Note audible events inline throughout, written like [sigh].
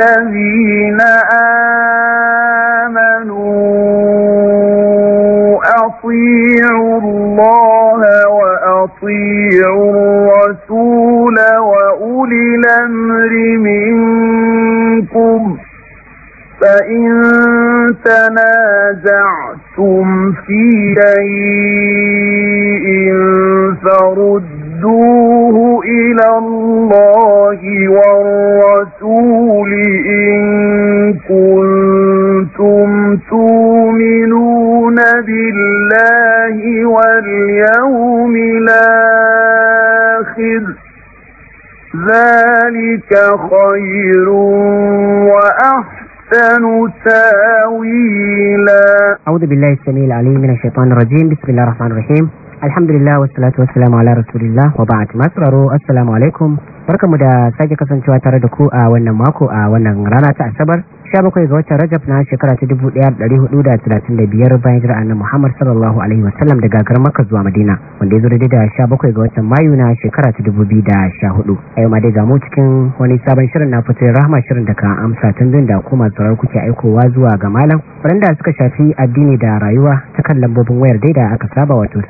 الذي الشيطان الرجيم بسم الله الرحمن الرحيم الحمد لله والصلاة والسلام على رسول الله وبعد ما سرروا السلام عليكم بركة مدى ساجة كسان شوى تردكو آوانا آه، ماكو آوانا آه، رانا تأسبر 17 ga watan Rajab na shekara ta 1435 bayan jira annabi Muhammad sallallahu alaihi wasallam daga garin Makka zuwa Madina wanda ya zo da 17 ga watan Mayu na shekara ta 2014 ayo ma dai ga mu cikin wani sabon shirin na fitar rahma shirin da ka amsa tambayin da kuma tsarar kuke aikowa zuwa ga malam wanda suka shafi addini da rayuwa ta kan lambobin wayar daida aka saba wato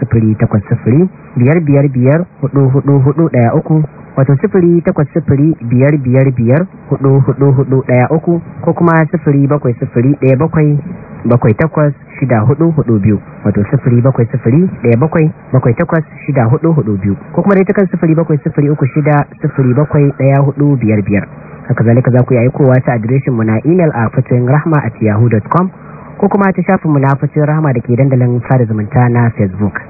uku. wato sifiri takwas sifiri biyar biyar biyar hudu hudu hudu daya uku ko kuma sifiri bakwai sifiri daya bakwai bakwai takwas shida hudu hudu biyu wato sifiri bakwai sifiri daya bakwai bakwai takwas shida hudu hudu biyu ko kuma dai takan sifiri bakwai sifiri uku shida sifiri bakwai daya hudu biyar biyar haka zalika za ku yi kowa ta adireshin mu na imel a fatin rahma at yahoo.com ko kuma ta shafin mu na fatin rahma da ke dandalin sada zumunta na facebook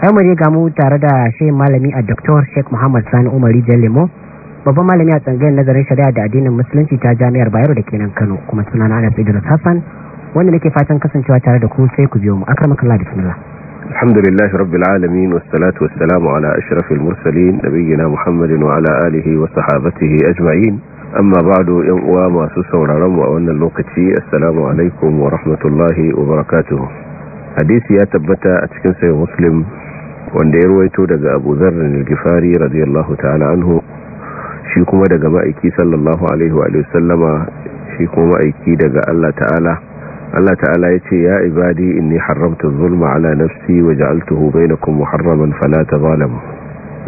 sai mu riga mu tare da shi malami a doktor sheik muhammad sani umari lemo babban malami a tsangayar nazarin shari'a da addinin musulunci ta jami'ar bayero da kenan kano kuma suna na ana fidar safan wanda nake fatan kasancewa tare da ku sai ku biyo mu akramaka Allah bismillah alhamdulillah rabbil alamin wassalatu wassalamu ala ashrafil mursalin nabiyina muhammadin wa ala alihi wa sahbatihi ajma'in amma ba'du yan uwa masu sauraron mu a wannan lokaci assalamu alaikum wa rahmatullahi wa hadisi ya tabbata a cikin sahih muslim wanda ya ruwaito daga abu zarrin gifari radiyallahu ta'ala anhu shi kuma daga ma'aiki sallallahu alaihi wa sallama shi kuma ma'aiki daga Allah ta'ala Allah ta'ala ya ce ya ibadi inni haramta zulma ala nafsi wa ja'altuhu bainakum muharraman fala tazalamu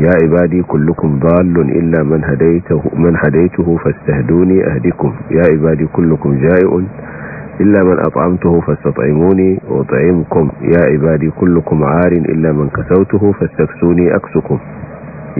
ya ibadi kullukum dallun illa man hadaytuhu man hadaytuhu fastahduni ahdikum ya ibadi kullukum ja'iun إلا من أطعمته فاستطعموني وأطعمكم يا عبادي كلكم عار إلا من كسوته فاستكسوني أكسكم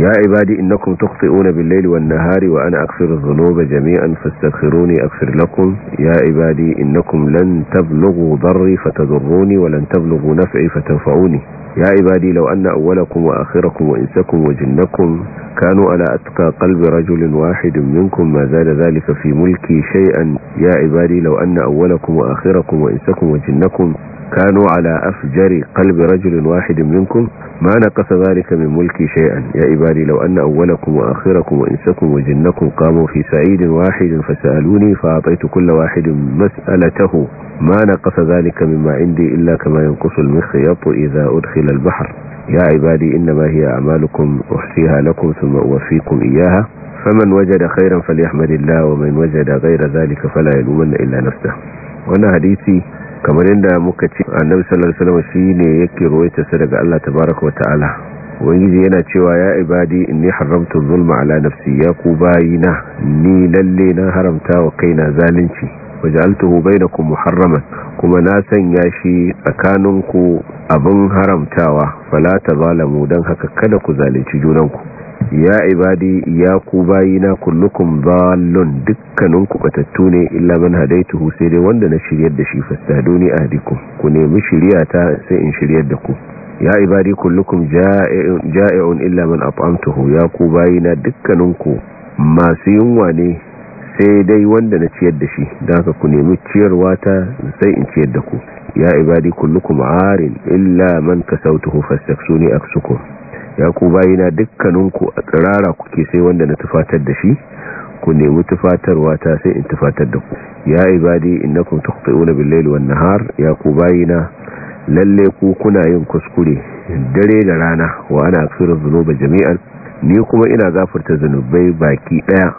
يا عبادي إنكم تخطئون بالليل والنهار وأنا أغفر الذنوب جميعا فاستغفروني أغفر لكم يا عبادي إنكم لن تبلغوا ضري فتضروني ولن تبلغوا نفعي فتنفعوني يا عبادي لو أن أولكم وآخركم وإنسكم وجنكم كانوا على أتقى قلب رجل واحد منكم ما زال ذلك في ملكي شيئا يا عبادي لو أن أولكم وآخركم وإنسكم وجنكم كانوا على أفجر قلب رجل واحد منكم ما نقص ذلك من ملكي شيئا يا عبادي عبادي لو أن أولكم وآخركم وإنسكم وجنكم قاموا في سعيد واحد فسألوني فأعطيت كل واحد مسألته ما نقص ذلك مما عندي إلا كما ينقص المخيط إذا أدخل البحر يا عبادي إنما هي أعمالكم أحصيها لكم ثم أوفيكم إياها فمن وجد خيرا فليحمد الله ومن وجد غير ذلك فلا يلومن إلا نفسه وانا حديثي kamar yadda muka ce annabi sallallahu alaihi wasallam shine yake ruwaita sa daga Allah tabaaraka wa ta'ala ubangiji yana cewa ya ibadi in ni haramta zulma ala nafsi ya ku bayina ni lalle na haramta wa na zalunci waj'altuhu bainakum muharraman kuma na sanya shi tsakaninku abin haramtawa fala tazalamu dan haka kada ku zalunci junanku ya ibadi ya ku bayina kullukum dukkaninku batattu ne illa man hadaituhu sai dai wanda na shiryar da shi fasaduni ahdikum ku nemi shiriyata sai in shiryar da ku ya ibadi kullukum ja'i'un illa man at'amtuhu ya ku bayina dukkaninku masu yunwa ne sai dai wanda na ciyar da shi da haka ku nemi ciyarwa ta sai in ciyar da ku ya ibadi kullukum arin illa man kasautuhu fastaksuni aksukum ya ku bayina dukkaninku a tsirara kuke sai wanda na tufatar da shi ku nemi tufatarwa ta sai in tufatar da ku ya ibadi innakum tukhti'una bil-layli wan-nahar ya ku bayina lalle ku kuna yin kuskure dare da rana wa ana aksuru zunuba jami'an ni kuma ina gafarta zunubai baki daya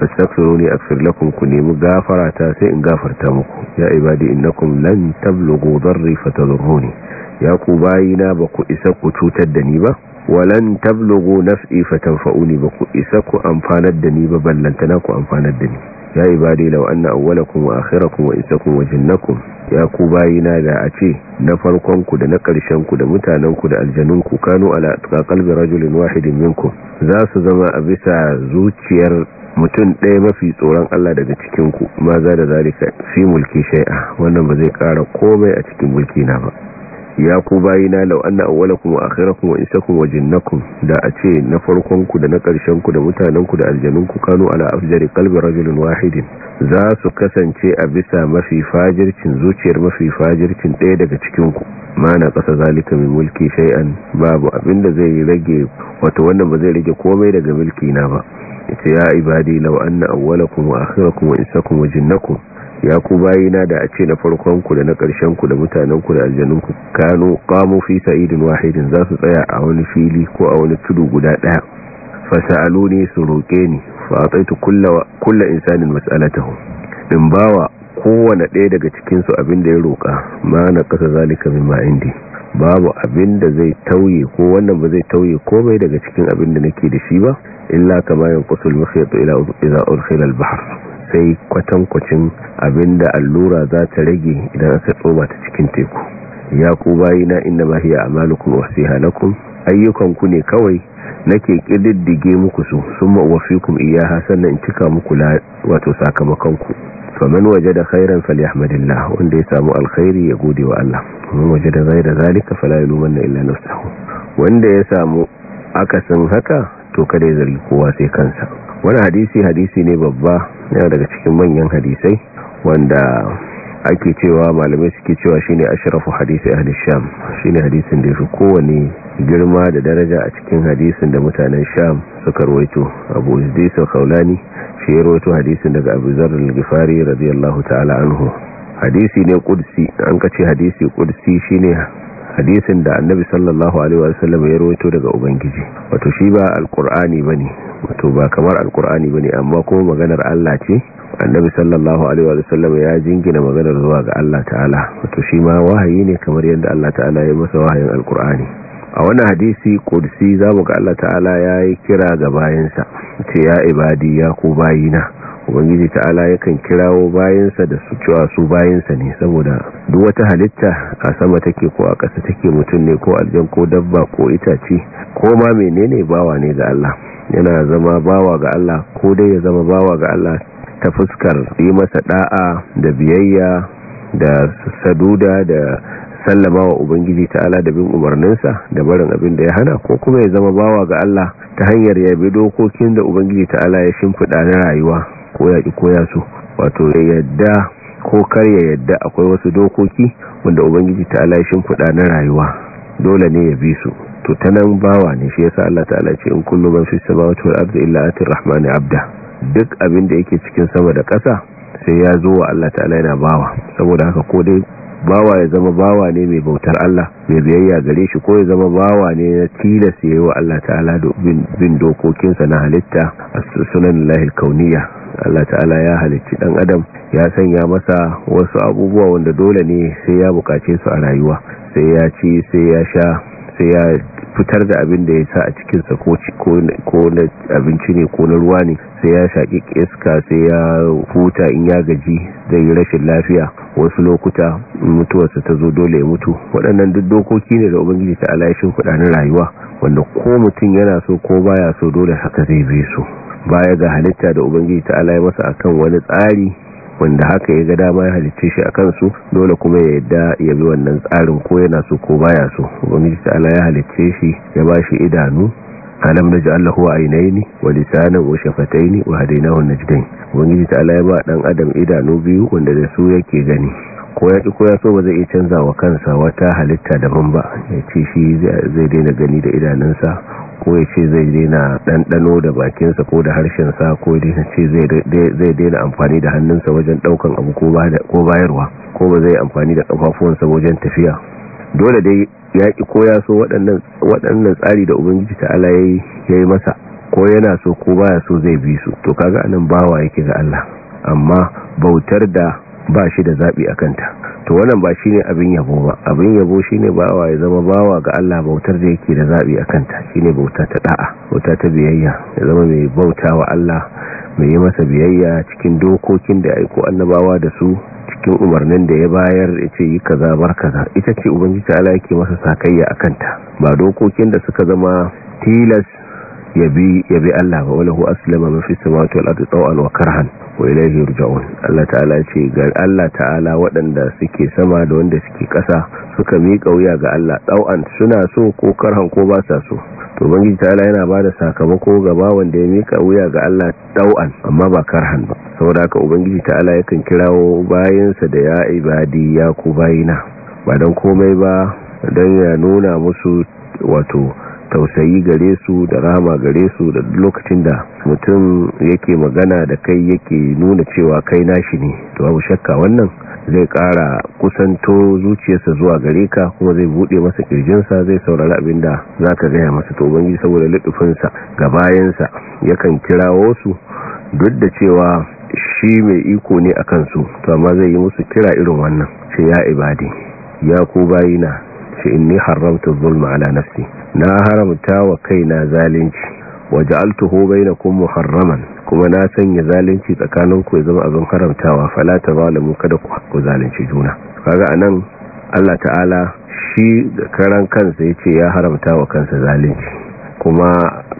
fastaghfiruni aghfir lakum ku nemi gafarata sai in gafarta muku ya ibadi innakum lan tablughu darri fatadhurruni ya ku bayina ba ku isa ku cutar da ni ba walan tablughu naf'i fatanfa'uni ba ku isa ku amfanar da ni ba na ku amfanar da ni ya ibadi law anna awwalakum wa akhirakum wa isakum wa jinnakum ya ku bayina da a ce na farkon ku da na karshen ku da mutanen ku da aljanun ku kanu ala qalbi rajulin wahidin minkum za su zama a bisa zuciyar mutum ɗaya mafi tsoron Allah daga cikin ku ma za da zalika fi mulki shay'a wannan ba zai kara komai a cikin mulki na ba ya ku bayina kuma anna awwalakum wa isa wa wajen wa kun da a ce na farkonku da na ƙarshenku da mutanenku da aljanun ku kanu ala afjari kalbin rajulin wahidin za su kasance a bisa mafi fajircin zuciyar mafi fajircin ɗaya daga cikin ku mana ƙasa zalika mai mulki shay'an babu abin da zai rage wato wannan ba zai rage komai daga mulki na ba ita ya ibadi kuma anna awwalakum wa isa wa wajen wa kun. ya ku bayina da a ce na farkon ku da na ƙarshen ku da mutanen ku da aljanun ku kano qamu fi sa'idin wahidin za su tsaya a wani fili ko a wani tudu guda daya sa'aluni su roke ni fa ataitu kullu kullu insanin mas'alatahu in bawa kowane ɗaya daga cikinsu abin da ya roƙa ma na ƙasa zalika min indi babu abin da zai tauye ko wannan ba zai tauye komai daga cikin abin da nake da shi ba illa kama yanqutul kusul ila ila urkhil al-bahr kai kwatankwacin abinda allura za ta rage idan aka tsoma ta cikin teku ya ku bayina inna ba hiya amalukum wasiha lakum ayyukan ku ne kawai nake kididdige muku su ma'uwafi kuma iya hasan in cika muku la wato sakamakon ku waje da khairan falyahmadillah wanda ya samu alkhairi ya gode wa Allah da zai da zalika fala yalumanna illa nafsahu wanda ya samu akasin haka to kada ya zargi kowa sai kansa wani hadisi hadisi ne babba yana daga cikin manyan hadisai wanda ake cewa malamai suke cewa shine ashrafu hadisi Ali sham shine hadisin da yafi kowane girma da daraja a cikin hadisin da mutanen sham suka rawaito abu isdis al shi ya rawaito hadisin daga abu zarr al-ghifari radiyallahu ta'ala anhu hadisi ne qudsi an kace hadisi qudsi shine hadisin da annabi sallallahu alaihi sallam ya rawaito daga ubangiji wato shi ba alqur'ani bane wato ba kamar alqur'ani bane amma kuma maganar Allah ce annabi sallallahu alaihi sallam ya jingina maganar zuwa ga Allah ta'ala wato shi ma wahayi ne kamar yadda Allah ta'ala ya masa wahayin alqur'ani a wannan hadisi kursi zamu ga Allah ta'ala ya yi kira ga bayansa ce ya ibadi ya ku bayina ubangiji ta'ala yakan kirawo bayansa da su cewa su bayansa ne saboda duk wata halitta a sama take ko a ƙasa take mutum ne ko aljan ko dabba ko itace ko ma menene bawa ne ga Allah yana zama bawa ga Allah ko dai ya zama bawa ga Allah ta fuskar yi masa da'a da biyayya da saduda da sallama wa ubangiji ta'ala da bin umarninsa da barin abin da ya hana ko kuma ya zama bawa ga Allah ta hanyar yabe dokokin da ubangiji ta'ala ya shimfiɗa na rayuwa ko ya ki ko ya wato ya yadda ko kar ya yadda akwai wasu dokoki wanda ubangiji ta ala shin na rayuwa dole ne ya bi su to nan bawa ne shi yasa Allah ta'ala ce in kullu man fi samawati wal ardi illa atir rahmani abda duk abin da yake cikin sama da ƙasa sai ya zo wa Allah ta'ala yana bawa saboda haka ko dai bawa ya zama bawa ne mai bautar Allah mai biyayya gare shi ko ya zama bawa ne na tilas yi wa Allah ta'ala bin dokokinsa na halitta a sunan lahil kauniya Allah ta'ala ya halicci dan adam ya sanya masa wasu abubuwa wanda dole ne sai ya bukace su a rayuwa sai ya ci sai ya sha sai ya fitar da abin da ya sa a cikinsa ko na abinci ne ko na ruwa ne sai ya shaƙi iska sai ya huta in ya gaji zai yi rashin lafiya wasu lokuta mutuwarsa ta zo dole ya mutu waɗannan duk dokoki ne da ubangiji ta alashin na rayuwa wanda ko mutum yana so ko baya so dole haka zai bi su baya ga halitta da ubangiji ta ala masa akan wani tsari wanda haka ya ga dama ya halicce shi a kansu dole kuma ya yadda ya bi wannan tsarin ko yana so ko baya so ubangiji ta'ala ya halicce shi ya ba shi idanu alam na ja'alla huwa ainaini wa lisanan wa shafataini wa hadainahu najdain ubangiji ta'ala ya ba dan adam idanu biyu wanda da su yake gani ko ya ko ya so ba zai iya canza wa kansa wata halitta daban ba ya ce shi zai daina gani da idanunsa ko ya ce zai daina ɗanɗano da bakinsa ko da harshensa ko ya ce zai daina amfani da hannunsa wajen ɗaukan abu ko bayarwa ko ba zai amfani da ƙafafuwansa wajen tafiya dole dai ya ƙi ko ya so waɗannan tsari da ubangiji ta ala ya yi masa ko yana so ko baya so zai bi su to kaga anan bawa yake ga Allah amma bautar da ba shi da zaɓi a kanta to wannan ba shi ne abin yabo ba abin yabo shi ne bawa ya zama bawa ga Allah bautar da yake da zaɓi a kanta shi ne bauta ta ɗa'a bauta ta biyayya ya zama mai bauta wa Allah mai yi masa biyayya cikin dokokin da aiko annabawa da su cikin umarnin da ya bayar ya ce yi kaza bar kaza ita ce ubangiji Allah yake masa sakayya a kanta ba dokokin da suka zama tilas yabi yabi Allah ba walahu aslama ma fi samawati wal ardi taw'an wa karhan wa ilayhi yurja'un Allah ta'ala ce ga Allah ta'ala waɗanda suke sama da wanda suke ƙasa suka miƙa wuya ga Allah taw'an suna so ko karhan ko ba sa so to Ubangiji ta'ala yana ba da sakamako ga ba da ya mika wuya ga Allah taw'an amma ba karhan ba saboda haka ubangiji ta'ala yakan kirawo bayansa da ya ibadi ya ku bayina ba dan komai ba dan ya nuna musu wato tausayi gare su da rama gare su da lokacin da mutum yake magana da kai yake nuna cewa kai nashi ne to abu shakka wannan zai kara kusanto zuciyarsa zuwa gare ka kuma zai bude masa kirjinsa zai saurara abin da za ka gaya masa to bangi saboda lutufinsa ga bayansa yakan kirawo su duk da cewa shi mai iko ne a kansu to amma zai yi musu kira irin wannan ce ya ibadi ya ku bayina ce inni haramta zulma ala nafsi na haramta wa kaina zalunci waja'altuhu bainakum muharraman kuma na sanya zalunci tsakaninku ya zama abin haramtawa fala tazalimu kada ku zalunci juna kaga anan Allah ta'ala shi karan kansa yace ya haramta wa kansa zalunci kuma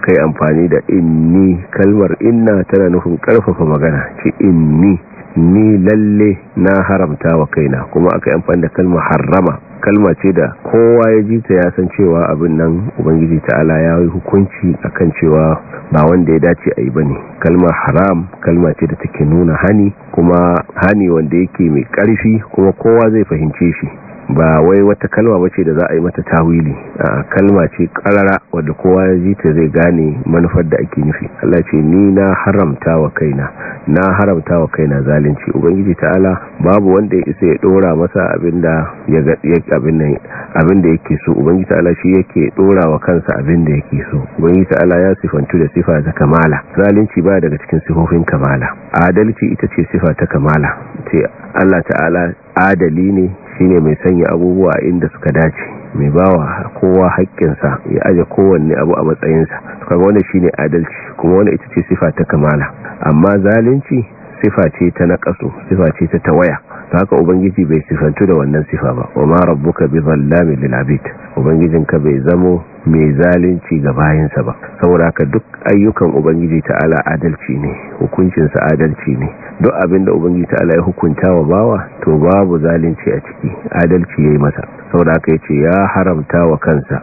kai amfani da inni kalmar inna tana nufin karfafa magana Ci inni ni lalle na haramta wa kaina kuma akai amfani da kalmar harrama kalma ce da kowa ya ji ta ya san cewa abin nan ubangiji ala ya yi hukunci akan cewa ba wanda ya dace a yi ba ne kalma haram kalma ce da take nuna hani kuma hani wanda yake mai karfi kuma kowa zai fahimce shi ba wai wata kalma bace da za a yi mata tawili a kalma ce karara wadda kowa ya ji ta zai gane manufar da ake nufi Allah ce ni na haramta wa kaina na haramta wa kaina zalunci ubangiji ta'ala babu wanda ya isa ya dora masa abinda ya ga abin nan abinda yake so ubangiji ta'ala shi yake dora wa kansa abinda yake so ubangiji ta'ala ya sifantu da sifa ta kamala zalunci ba daga cikin sifofin kamala adalci ita ce sifa ta kamala sai Allah ta'ala adali ne shine mai sanya abubuwa inda suka dace mai bawa kowa haƙƙinsa ya aje kowanne abu a matsayinsa to kaga wanda shine adalci kuma wanda ita ce sifa ta kamala amma zalunci sifa ce ta naqasu sifa ce ta tawaya to haka ubangiji bai sifantu da wannan sifa ba wa ma rabbuka bi zallamin lil abid ubangijinka bai zamo mai zalunci ga bayansa ba saboda haka duk ayyukan ubangiji ta'ala adalci ne hukuncinsa adalci ne duk abinda ubangiji ta'ala ya hukunta wa bawa to babu zalunci a ciki adalci yayi masa saboda haka yace ya haramta wa kansa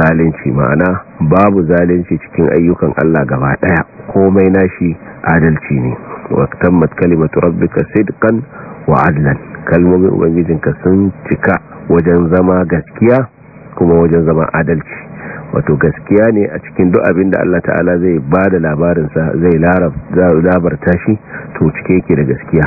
zalunci ma'ana babu zalunci cikin ayyukan Allah gaba daya komai nashi adalci ne wa tammat kalimatu rabbika sidqan wa adlan kalmomin ubangijinka sun cika wajen zama gaskiya kuma wajen zama adalci wato gaskiya ne a cikin duk abin da Allah ta'ala zai ba da labarinsa zai labarta shi to cike yake da gaskiya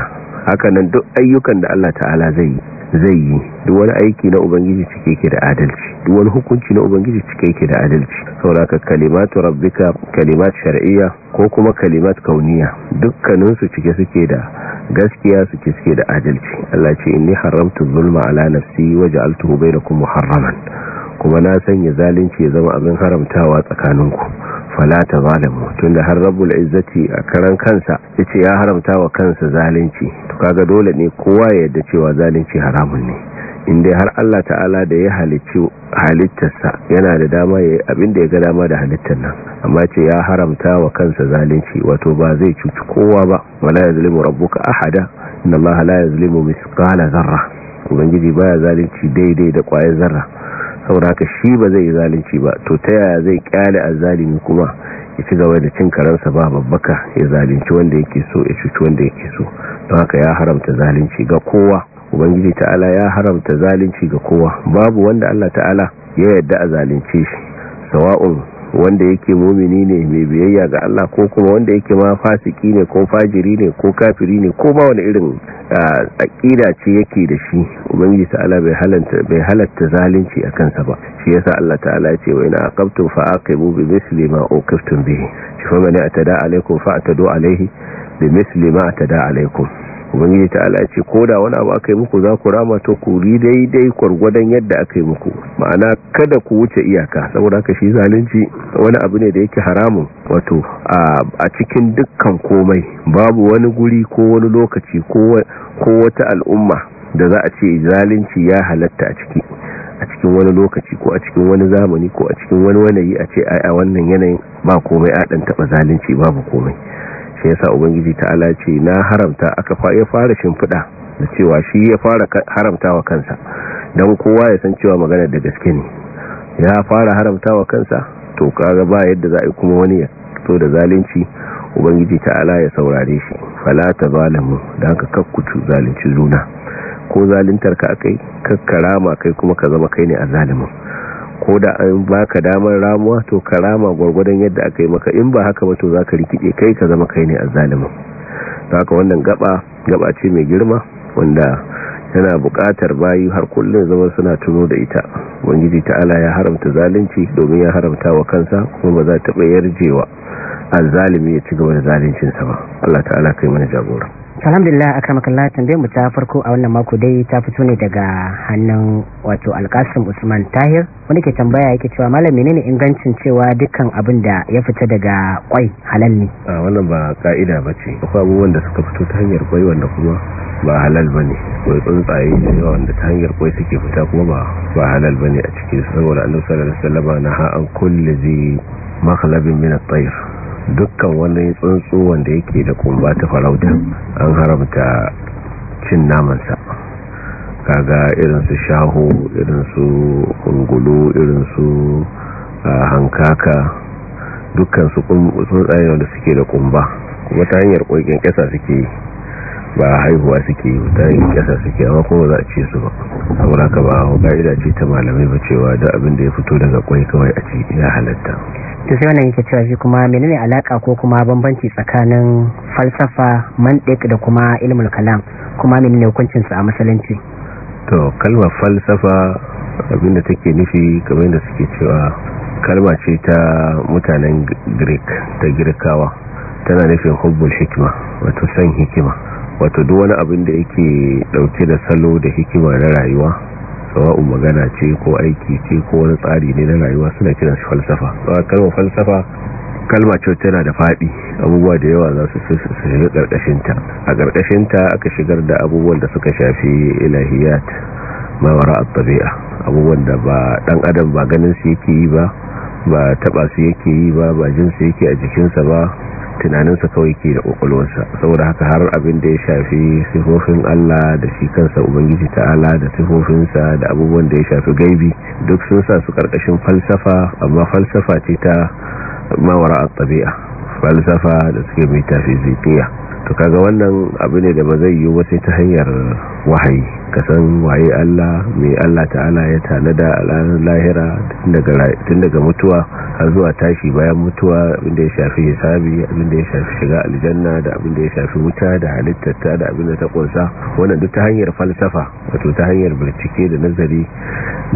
hakanan duk ayyukan da Allah ta'ala zai yi zai yi duk wani aiki na ubangiji cike yake da adalci duk wani hukunci na ubangiji cike yake da adalci sauraka kalimatu rabbika kalimat shar'iyya ko kuma kalimat kauniya dukkanin su cike suke da gaskiya suke suke da adalci Allah ce inni haramtu zulma ala nafsi wa ja'altuhu bainakum muharraman kuma na sanya zalunci ya zama abin haramtawa tsakaninku fala ta zalimu tunda har rabbul izzati a karan kansa ya ce ya haramta wa kansa zalunci to kaga dole ne kowa ya yarda cewa zalunci haramun ne inda har Allah ta'ala da ya halicci halittarsa yana da dama ya abin da ya ga dama da halittar nan amma ce ya haramta wa kansa zalunci wato ba zai cuci kowa ba wala yazlimu rabbuka ahada inna allaha la yazlimu mithqala zarra ubangiji baya zalunci daidai da kwayar zarra sauraka shi ba zai yi zalunci ba to ta yaya zai kyale azalimi kuma ya ci gaba da cin karansa ba babbaka ya zalunci wanda yake so ya cuci wanda yake so don haka ya haramta zalunci ga kowa ubangiji ta'ala ya haramta zalunci ga kowa babu wanda Allah ta'ala ya yarda a zalunce shi sawa'un wanda yake mumini ne mai biyayya ga Allah ko kuma wanda yake ma fasiki ne ko fajiri ne ko kafiri ne ko ba wani irin aqida ce yake da shi ubangiji ta'ala bai halanta bai halatta zalunci a kansa ba shi yasa Allah ta'ala ya ce wa ina aqabtu fa aqibu bi misli ma uqiftum bihi fa man atada alaykum fa atadu alayhi bi misli ma atada alaykum ubangiji ta ala ce ko da wani abu aka yi muku za ku rama to ku ri daidai kwargwadon yadda aka yi muku ma'ana kada ku wuce iyaka saboda haka shi zalunci wani abu ne da yake haramun wato a cikin dukkan komai babu wani guri ko wani lokaci ko wata al'umma da za a ce zalunci ya halatta a ciki a cikin wani lokaci ko a cikin wani zamani ko a cikin wani wanayi a ce a wannan yanayin ba komai a ɗan taɓa zalunci babu komai shi yasa ubangiji ta'ala ce na haramta aka ya fara shimfiɗa da cewa shi ya fara haramtawa kansa don kowa ya san cewa magana da gaske ne ya fara haramtawa kansa to kaga ba yadda za a yi kuma wani ya to da zalunci ubangiji ta'ala ya saurare shi fala ta zalimu da ka kakkutu zalunci zuna ko zaluntar ka akai kakkarama kai kuma ka zama kai ne a zalimin ko da an baka damar ramuwa to ka rama gwargwadon yadda aka yi maka in ba haka ba to za ka rikide kai ka zama kai ne a zalimin haka wannan gaba gaba ce mai girma wanda yana bukatar bayi har kullum zama suna tuno da ita ubangiji ta'ala ya haramta zalunci domin ya haramta wa kansa kuma ba za ta bayar jewa azzalimi ya ci gaba da zaluncinsa ba Allah ta'ala kai mana jagora alhamdulillah akramakallah tambayar mu ta farko a wannan mako dai ta fito ne daga hannun wato alkasim usman tahir wanda ke tambaya yake cewa malam ne ingancin cewa dukkan abin da ya fita daga kwai halal ne a wannan ba ka'ida bace akwai abubuwan da suka fito ta hanyar kwai wanda kuma ba halal bane kwai tsuntsaye da wanda ta hanyar kwai suke fita kuma ba ba halal bane a cikin saboda annabi sallallahu alaihi na ha an kulli zi makhlabin min at dukkan wani tsuntsu wanda yake da kumba ta farauta an haramta cin namansa kaga irinsu shahu irinsu ungulu irinsu hankaka dukkan su tsuntsaye wanda suke da kumba kuma ta hanyar ƙwaiƙen ƙasa suke yi ba haihuwa suke yi ta yi kasa suke amma kuma za a ce su ba saboda haka ba hau ka'ida ce ta malamai ba cewa da abin da ya fito daga kwai kawai a ce ya halatta to sai wannan yake cewa shi kuma menene alaka ko kuma bambanci tsakanin falsafa mantiq da kuma ilimin kalam kuma menene hukuncin sa a musulunci to kalma falsafa abin da take nufi kamar da suke cewa kalma ce ta mutanen greek ta girkawa tana nufin hubbul hikima wato san hikima wato duk wani abin da yake dauke da salo da hikima na rayuwa sawa'un magana ce ko aiki ce ko wani tsari ne na rayuwa suna kiran shi falsafa ba kalmar falsafa kalma coci tana da faɗi abubuwa da yawa za su shiga ƙarƙashinta a ƙarƙashinta aka shigar da abubuwan da suka shafi ilahiyat mawara a tabi'a abubuwan da ba ɗan adam ba ganin su yake yi ba ba taɓa su yake yi ba ba jinsu yake a jikinsa ba tunaninsa kawai ke da kwakwalwarsa saboda haka har abin da ya shafi sifofin Allah da shi kansa ubangiji ta'ala da sifofinsa da abubuwan da ya shafi gaibi duk sun sa su karkashin falsafa amma falsafa ce ta mawara a tabi'a falsafa da suke mai tafi metafizikiya to kaga wannan abu ne da ba zai yi sai ta hanyar wahayi kasan waye Allah mai Allah ta'ala ya tanada a ranar lahira tun daga mutuwa har zuwa tashi bayan mutuwa abinda ya shafi hisabi abinda ya shafi shiga aljanna da abinda ya shafi wuta da halittata da abinda ta kunsa wannan duk ta hanyar falsafa wato ta hanyar bincike da nazari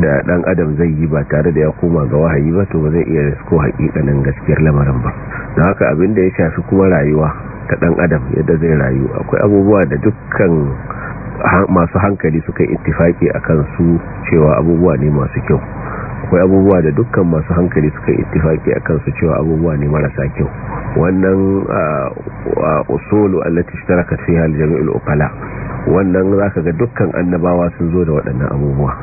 da dan adam zai yi ba tare da ya koma ga wahayi ba to ba zai iya risko hakikanin gaskiyar lamarin ba don haka abinda ya shafi kuma rayuwa ta dan adam yadda zai rayu akwai abubuwa da dukkan masu hankali suka yi ittifaki akan su cewa abubuwa ne masu kyau akwai abubuwa da dukkan masu hankali suka yi ittifaki akan su cewa abubuwa ne marasa kyau wannan usulu allati ishtarakat fiha al-jami'ul uqala wannan zaka ga dukkan annabawa sun zo da waɗannan abubuwa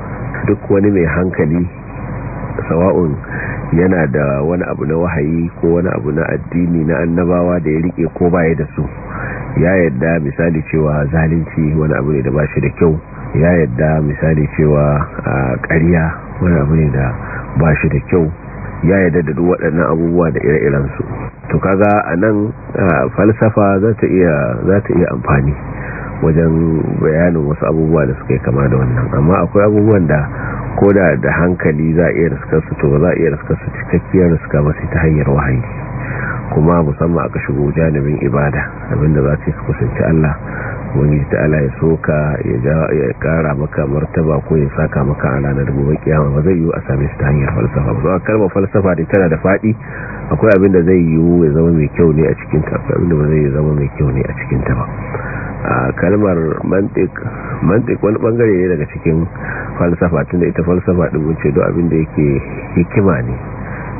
duk wani mai hankali sawa'un yana da wani abu na wahayi ko wani abu na addini na annabawa da ya rike ko baya da su ya yadda misali cewa zalunci wani abu ne da ba shi da kyau ya yadda misali cewa ƙariya wani abu ne da ba shi da kyau ya yadda da duk waɗannan abubuwa da ire-irensu to kaga a nan falsafa za ta iya amfani wajen bayanin wasu abubuwa da suka yi kama da wannan amma akwai abubuwan da ko da da hankali za a iya riskar su to za a iya riskar su cikakkiyar riska ba su ta hanyar wahayi kuma musamman aka shigo janibin ibada abinda za su kusanci Allah wani ta ala ya soka ya kara maka martaba ko ya saka maka a ranar gobe kiyama ba zai yiwu a same su ta hanyar falsafa ba zuwa kalmar falsafa da tana da faɗi akwai abinda zai yiwu ya zama mai kyau ne a cikin ta akwai abinda ba zai zama mai kyau ne a cikin ta ba kalmar mantik mantik wani bangare ne daga cikin falsafa tunda ita falsafa din mun ce duk abin da yake hikima ne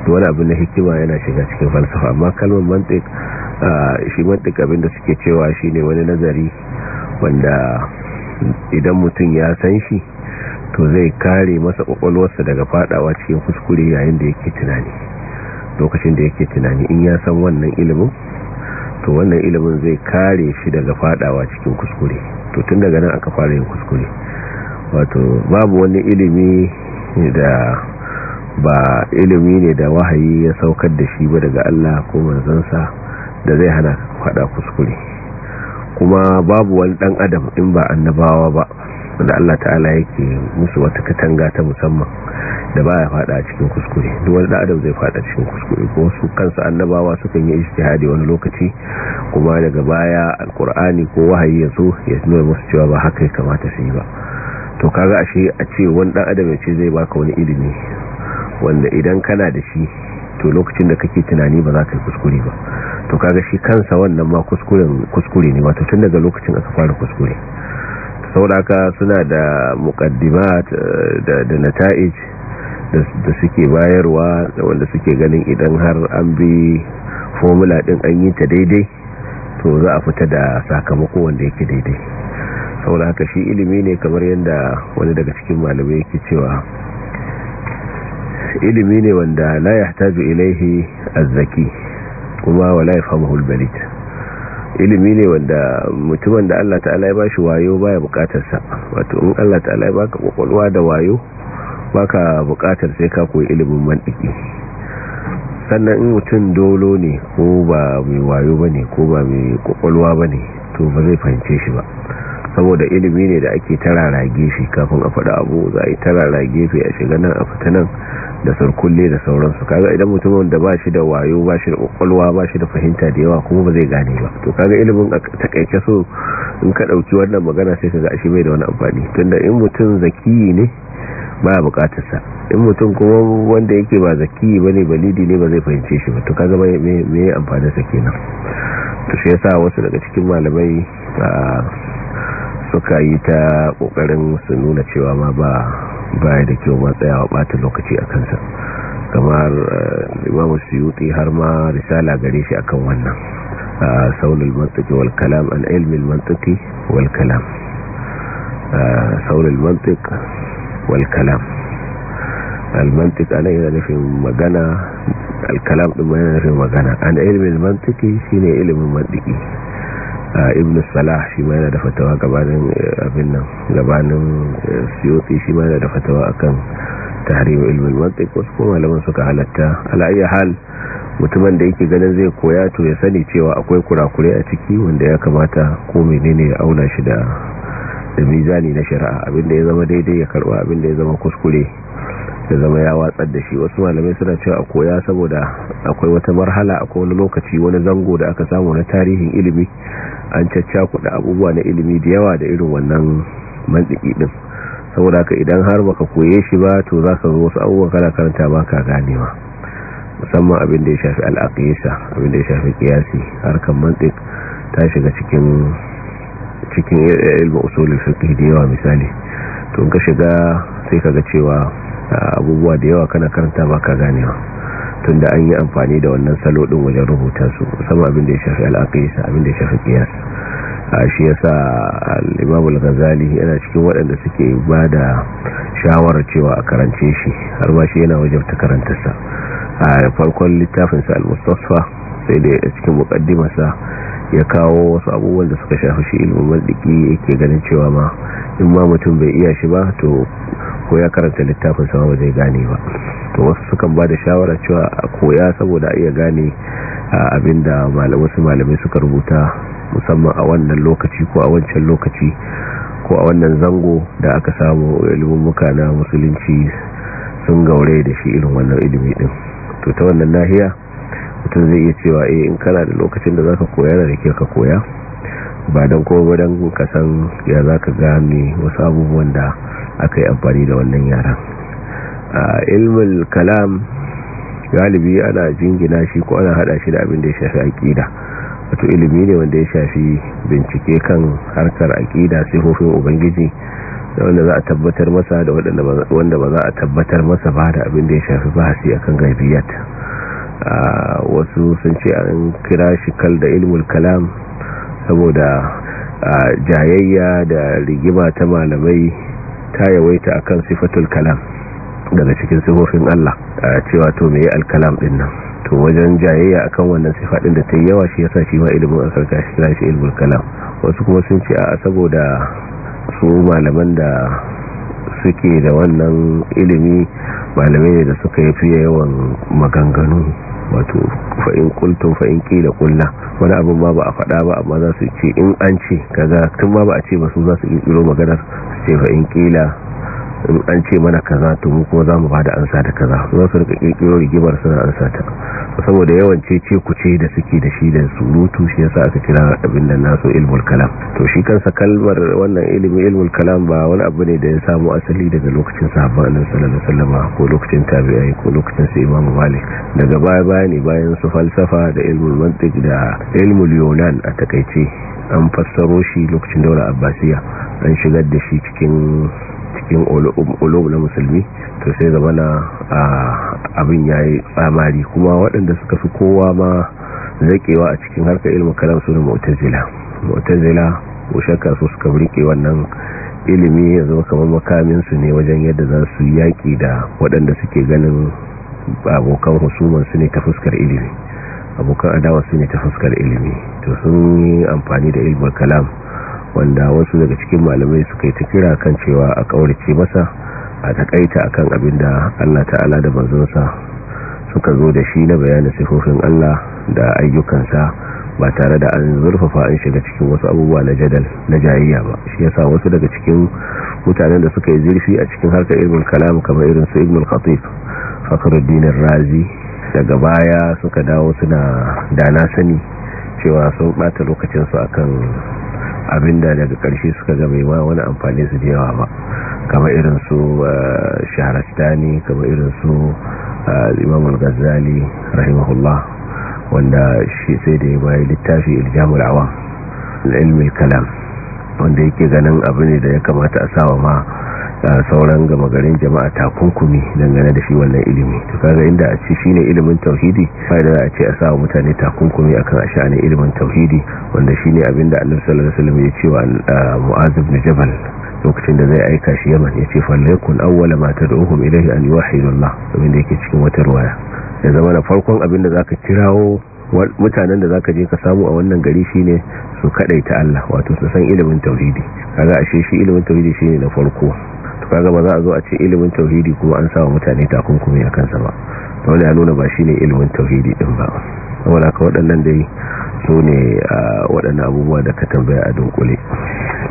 to wani abin da hikima yana shiga cikin falsafa amma kalmar mantik shi mantik abin da suke cewa shi ne wani nazari wanda idan mutum ya san shi to zai kare masa kwakwalwarsa daga fadawa cikin kuskure yayin da yake tunani lokacin da yake tunani in ya san wannan ilimin to wannan ilimin zai kare shi daga fadawa cikin kuskure to tun daga nan aka fara yin kuskure wato babu wani ilimi da ba ilimi ne da wahayi ya saukar da shi ba daga Allah ko manzansa da zai hana fada kuskure kuma babu wani dan adam in ba annabawa ba wanda Allah ta'ala yake musu wata katanga ta musamman da ba ya fada a cikin kuskure duk wani adam zai fada cikin kuskure ko su kansu annabawa sukan yi ijtihadi wani lokaci kuma daga baya alkur'ani ko wahayi ya zo ya nuna musu cewa ba haka ya kamata su yi ba to kaga ashe a ce wani ɗan adam ya ce zai baka wani ilimi wanda idan kana da shi to lokacin da kake tunani ba za ka yi kuskure ba to kaga shi kansa wannan ma kuskuren kuskure ne wato tun daga lokacin aka fara kuskure sauraka suna da muƙaddimat eh, da nata'ij da suke bayarwa da wanda suke ganin idan har an bi formula din an yi ta daidai to za a fita da sakamako wanda yake daidai saboda shi ilimi ne kamar yadda wani daga cikin malamai yake cewa ilimi ne wanda la yahtaju ilaihi azzaki kuma wala yafhamuhu albalid ilimi ne wanda mutumin da Allah ta'ala ya bashi wayo baya bukatar sa wato in Allah ta'ala ya baka kwakwalwa da wayo baka bukatar sai ka koyi ilimin mantiki sannan in mutum dolo ne ko ba mai wayo bane ko ba mai kwakwalwa bane to ba zai fahimce shi ba saboda ilimi ne da ake tarara gefe kafin a faɗa abu za a yi tarara gefe a shiga nan a fita nan da sarkulle da sauransu kaga idan mutum wanda ba shi da wayo ba shi da kwakwalwa ba shi da fahimta da yawa kuma ba zai gane ba to kaga ilimin a takaice so in ka ɗauki wannan magana sai ka ga shi bai da wani amfani tunda in mutum zakiyi ne ba bukatar sa in mutum kuma wanda yake ba zakiyi bane balidi ne ba zai fahimce shi ba to kaga me mai amfani sa kenan to shi yasa wasu daga cikin malamai ah, suka yi ta kokarin su nuna cewa ma ba baya da kyau ba tsayawa bata lokaci a kansa kamar eh, imamu suyuti har ma risala gare shi akan wannan saunul mantiki wal kalam an ilmin mantiki wal kalam saunul mantik wal kalam al-mantik ana yana nufin magana al-kalam din yana nufin magana an ilmin mantiki shine ilimin mantiki Ah, ibn salah shi ma yana da fatawa gabanin eh, abin nan gabanin eh, siyoti shi ma yana da fatawa akan tahrimu ilmin mantiq wasu kuma malaman suka halatta ala hal mutumin da yake ganin zai koya to ya sani cewa akwai kurakure a ciki wanda ya kamata ko menene ya auna shi da da mizani na shari'a abinda ya zama daidai ya karba abinda ya zama kuskure da zama ya watsar da shi wasu malamai suna cewa a koya saboda akwai wata marhala akwai wani lokaci wani zango da aka samu na tarihin ilimi an da abubuwa na ilimi da yawa da irin wannan mantiki din saboda haka idan har baka koye shi ba to za ka zo wasu abubuwa kana karanta ba ka ganewa musamman abin da ya shafi al'aqisa abin da ya shafi kiyasi harkan mantik ta shiga cikin cikin ilmu usulul fiqh da yawa misali to in ka shiga sai kaga cewa abubuwa da yawa kana karanta ba ka ganewa tunda an yi amfani da wannan salo din wajen rubuta su sama abin da ya shafi al'aqis abin da ya shafi a shi ya sa imam al-Ghazali yana cikin waɗanda suke ba da shawarar cewa a karance shi har ba shi yana wajen ta karanta sa a farkon littafinsa sa al-Mustasfa sai da cikin muqaddimarsa ya kawo wasu abubuwan da suka shafi shi ilimin mantiki yake ganin cewa ma in ma mutum bai iya shi ba to ko ya karanta littafin sama ba zai gane ba to wasu sukan ba da shawara cewa a koya saboda a iya gane abinda wasu malamai suka rubuta musamman a wannan lokaci ko a wancan lokaci ko a wannan zango da aka samu ilimin muka na musulunci sun gaure da shi irin wannan ilimi din to ta wannan nahiya mutum zai iya cewa eh in kana da lokacin da zaka koya da kyau ka koya ba don ba don ka san ya ka gane wasu abubuwan da aka yi amfani da wannan yaran ilmul kalam galibi ana jingina shi ko ana hada shi da abin da ya shafi aƙida wato ilimi ne wanda ya shafi bincike kan harkar aƙida sifofin ubangiji da wanda za a tabbatar masa da wanda ba za a tabbatar masa ba da abin da ya shafi ba bahasi akan gaibiyat wasu sun ce an kira shi kal da ilmul kalam saboda jayayya da rigima ta malamai ta yawaita akan sifatul kalam daga cikin sifofin Allah a cewa to me al-kalam din nan to wajen jayayya akan wannan sifa da ta yi yawa shi yasa shi ma ilimin asar shi kira shi ilmul kalam wasu kuma sun ce a saboda su malaman da suke da wannan ilimi malamai ne da suka yi fiye yawan maganganu wato fa'in kultum fa'in da kulla wani abin ma ba a faɗa ba amma za su ce in an ce kaza tun ma ba a ce ba su za su maganar su ce fa'in kila in an ce mana kaza to mu kuma za mu ba da ansa da kaza za su rika kirkiro rigimar suna ansa ta saboda yawan cece ku ce da suke da shi da surutu shi yasa aka kira abin da nasu ilmul kalam to shi kansa kalmar wannan ilimi ilmul kalam ba wani abu ne da ya samu asali daga lokacin sahabban annabi sallallahu alaihi wasallam ko lokacin tabi'i ko lokacin su imamu malik daga baya baya ne bayan su falsafa da ilmul mantiq da ilmul yunan a takaice an fassaro shi lokacin daular abbasiya an shigar da shi cikin cikin olobu na musulmi to sai zama na abin ya yi tsamari kuma waɗanda suka fi kowa ma zaƙewa a cikin harkar ilimin kalam su ne mutazila mutazila ko shakar su suka rike wannan ilimi ya zama kamar su ne wajen yadda za su yaƙi da waɗanda suke ganin abokan su ne ta fuskar ilimi abokan adawa su ne ta fuskar ilimi to sun yi amfani da ilimin kalam wanda wasu daga cikin malamai suka yi ta kira kan cewa a kaurace masa a takaita akan abin da Allah ta'ala da manzonsa suka zo da shi na bayani sifofin Allah da ayyukansa ba tare da an zurfafa an shiga cikin wasu abubuwa na jadal na jayayya ba shi yasa wasu daga cikin mutanen da suka yi zurfi a cikin harkar ilmin kalam kamar irin su ibn al-khatib fakhruddin razi daga baya suka dawo suna dana sani cewa sun bata lokacinsu akan abinda daga karshe suka ga bai ma wani amfani su yawa ba kama irin su eh, shaharastani kama irin su eh, imam al gazali rahimahullah wanda shi sai da ya bayi littafi iljamul awam na ilmi kalam wanda yake ganin abu ne da ya kamata a sawa ma sauran gama garin jama'a takunkumi dangane da shi wannan ilimi to kaga inda a ce shine ilimin tauhidi sai a ce a sa mutane takunkumi akan a ilimin tauhidi wanda shine abinda Annabi sallallahu alaihi wasallam ya ce wa Mu'adh ibn Jabal lokacin da zai aika shi Yaman ya ce falyakun awwala ma tad'uhum ilayhi an yuwahhidullah abinda yake cikin wata ruwaya da zama da farkon abinda zaka kirawo mutanen da zaka je ka samu a wannan gari shine su kadaita Allah wato su san ilimin tauhidi kaga ashe shi ilimin tauhidi shine na farko kaga ba za a zo a ce ilimin tauhidi kuma an sawa mutane takunkumi a kansa ba wani ya nuna ba shi ne ilimin tauhidi din ba wala ka waɗannan dai su ne waɗannan abubuwa da ka tambaya a dunkule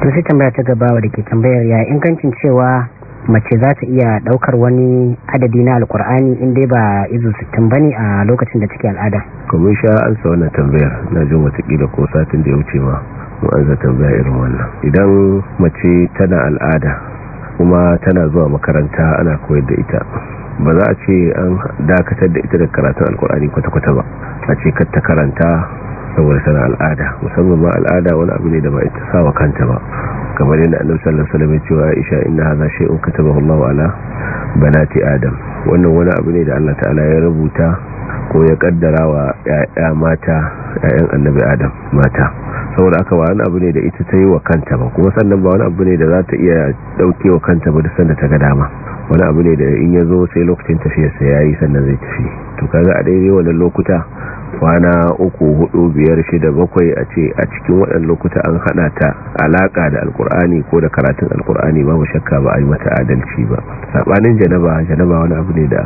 to sai tambaya ta gaba wadda ke tambayar ya ingancin cewa mace za ta iya ɗaukar wani adadi na alkur'ani dai ba izu ba ne a lokacin da take al'ada kuma sha an sa wannan tambayar na jin watakila ko satin da ya wuce ma mu an tambaya irin wannan idan mace tana al'ada kuma tana zuwa makaranta ana koyar da ita ba za a ce an dakatar da ita da karatun alkur'ani kwata-kwata ba a ce ta karanta saboda tana al'ada musamman ma al'ada wani abu ne da ba ita sa wa kanta ba kamar yadda annabi sallallahu alaihi wasallam ya inda haza Aisha in in shay'un katabahu Allahu ala banati Adam wannan wani abu ne da Allah ta'ala ya rubuta ko ya kaddara wa 'ya'ya mata 'ya'yan annabi Adam mata saboda aka ba wani abu ne da ita ta yi wa kanta ba kuma sannan ba wani abu ne da za ta iya dauke wa kanta ba duk sanda ta ga dama wani abu ne da in ya zo sai lokacin tafiyarsa ya yi sannan zai tafi to kaga a daidai wani lokuta kwana uku hudu biyar shida bakwai a ce a cikin waɗannan lokuta an haɗa ta alaƙa da alkur'ani ko da karatun alkur'ani mu shakka ba a yi mata adalci ba saɓanin janaba janaba wani abu ne da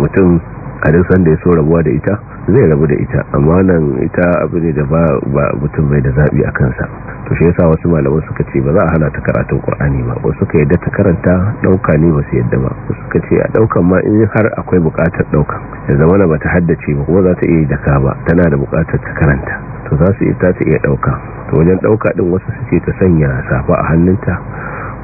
mutum a duk sanda ya so rabuwa da ita zai rabu da ita amma nan ita abu ne da ba mutum bai da zaɓi a kansa to shi yasa wasu malaman suka ce ba za a hana ta karatun qur'ani ba wasu suka yadda ta karanta ɗauka ne ba su yadda ba suka ce a ɗaukan ma in har akwai bukatar ɗauka da zamana ba ta haddace ba kuma za ta iya daka ba tana da buƙatar ta karanta to za su ita ta iya ɗauka to wajen ɗauka ɗin wasu suke ta sanya safa a hannunta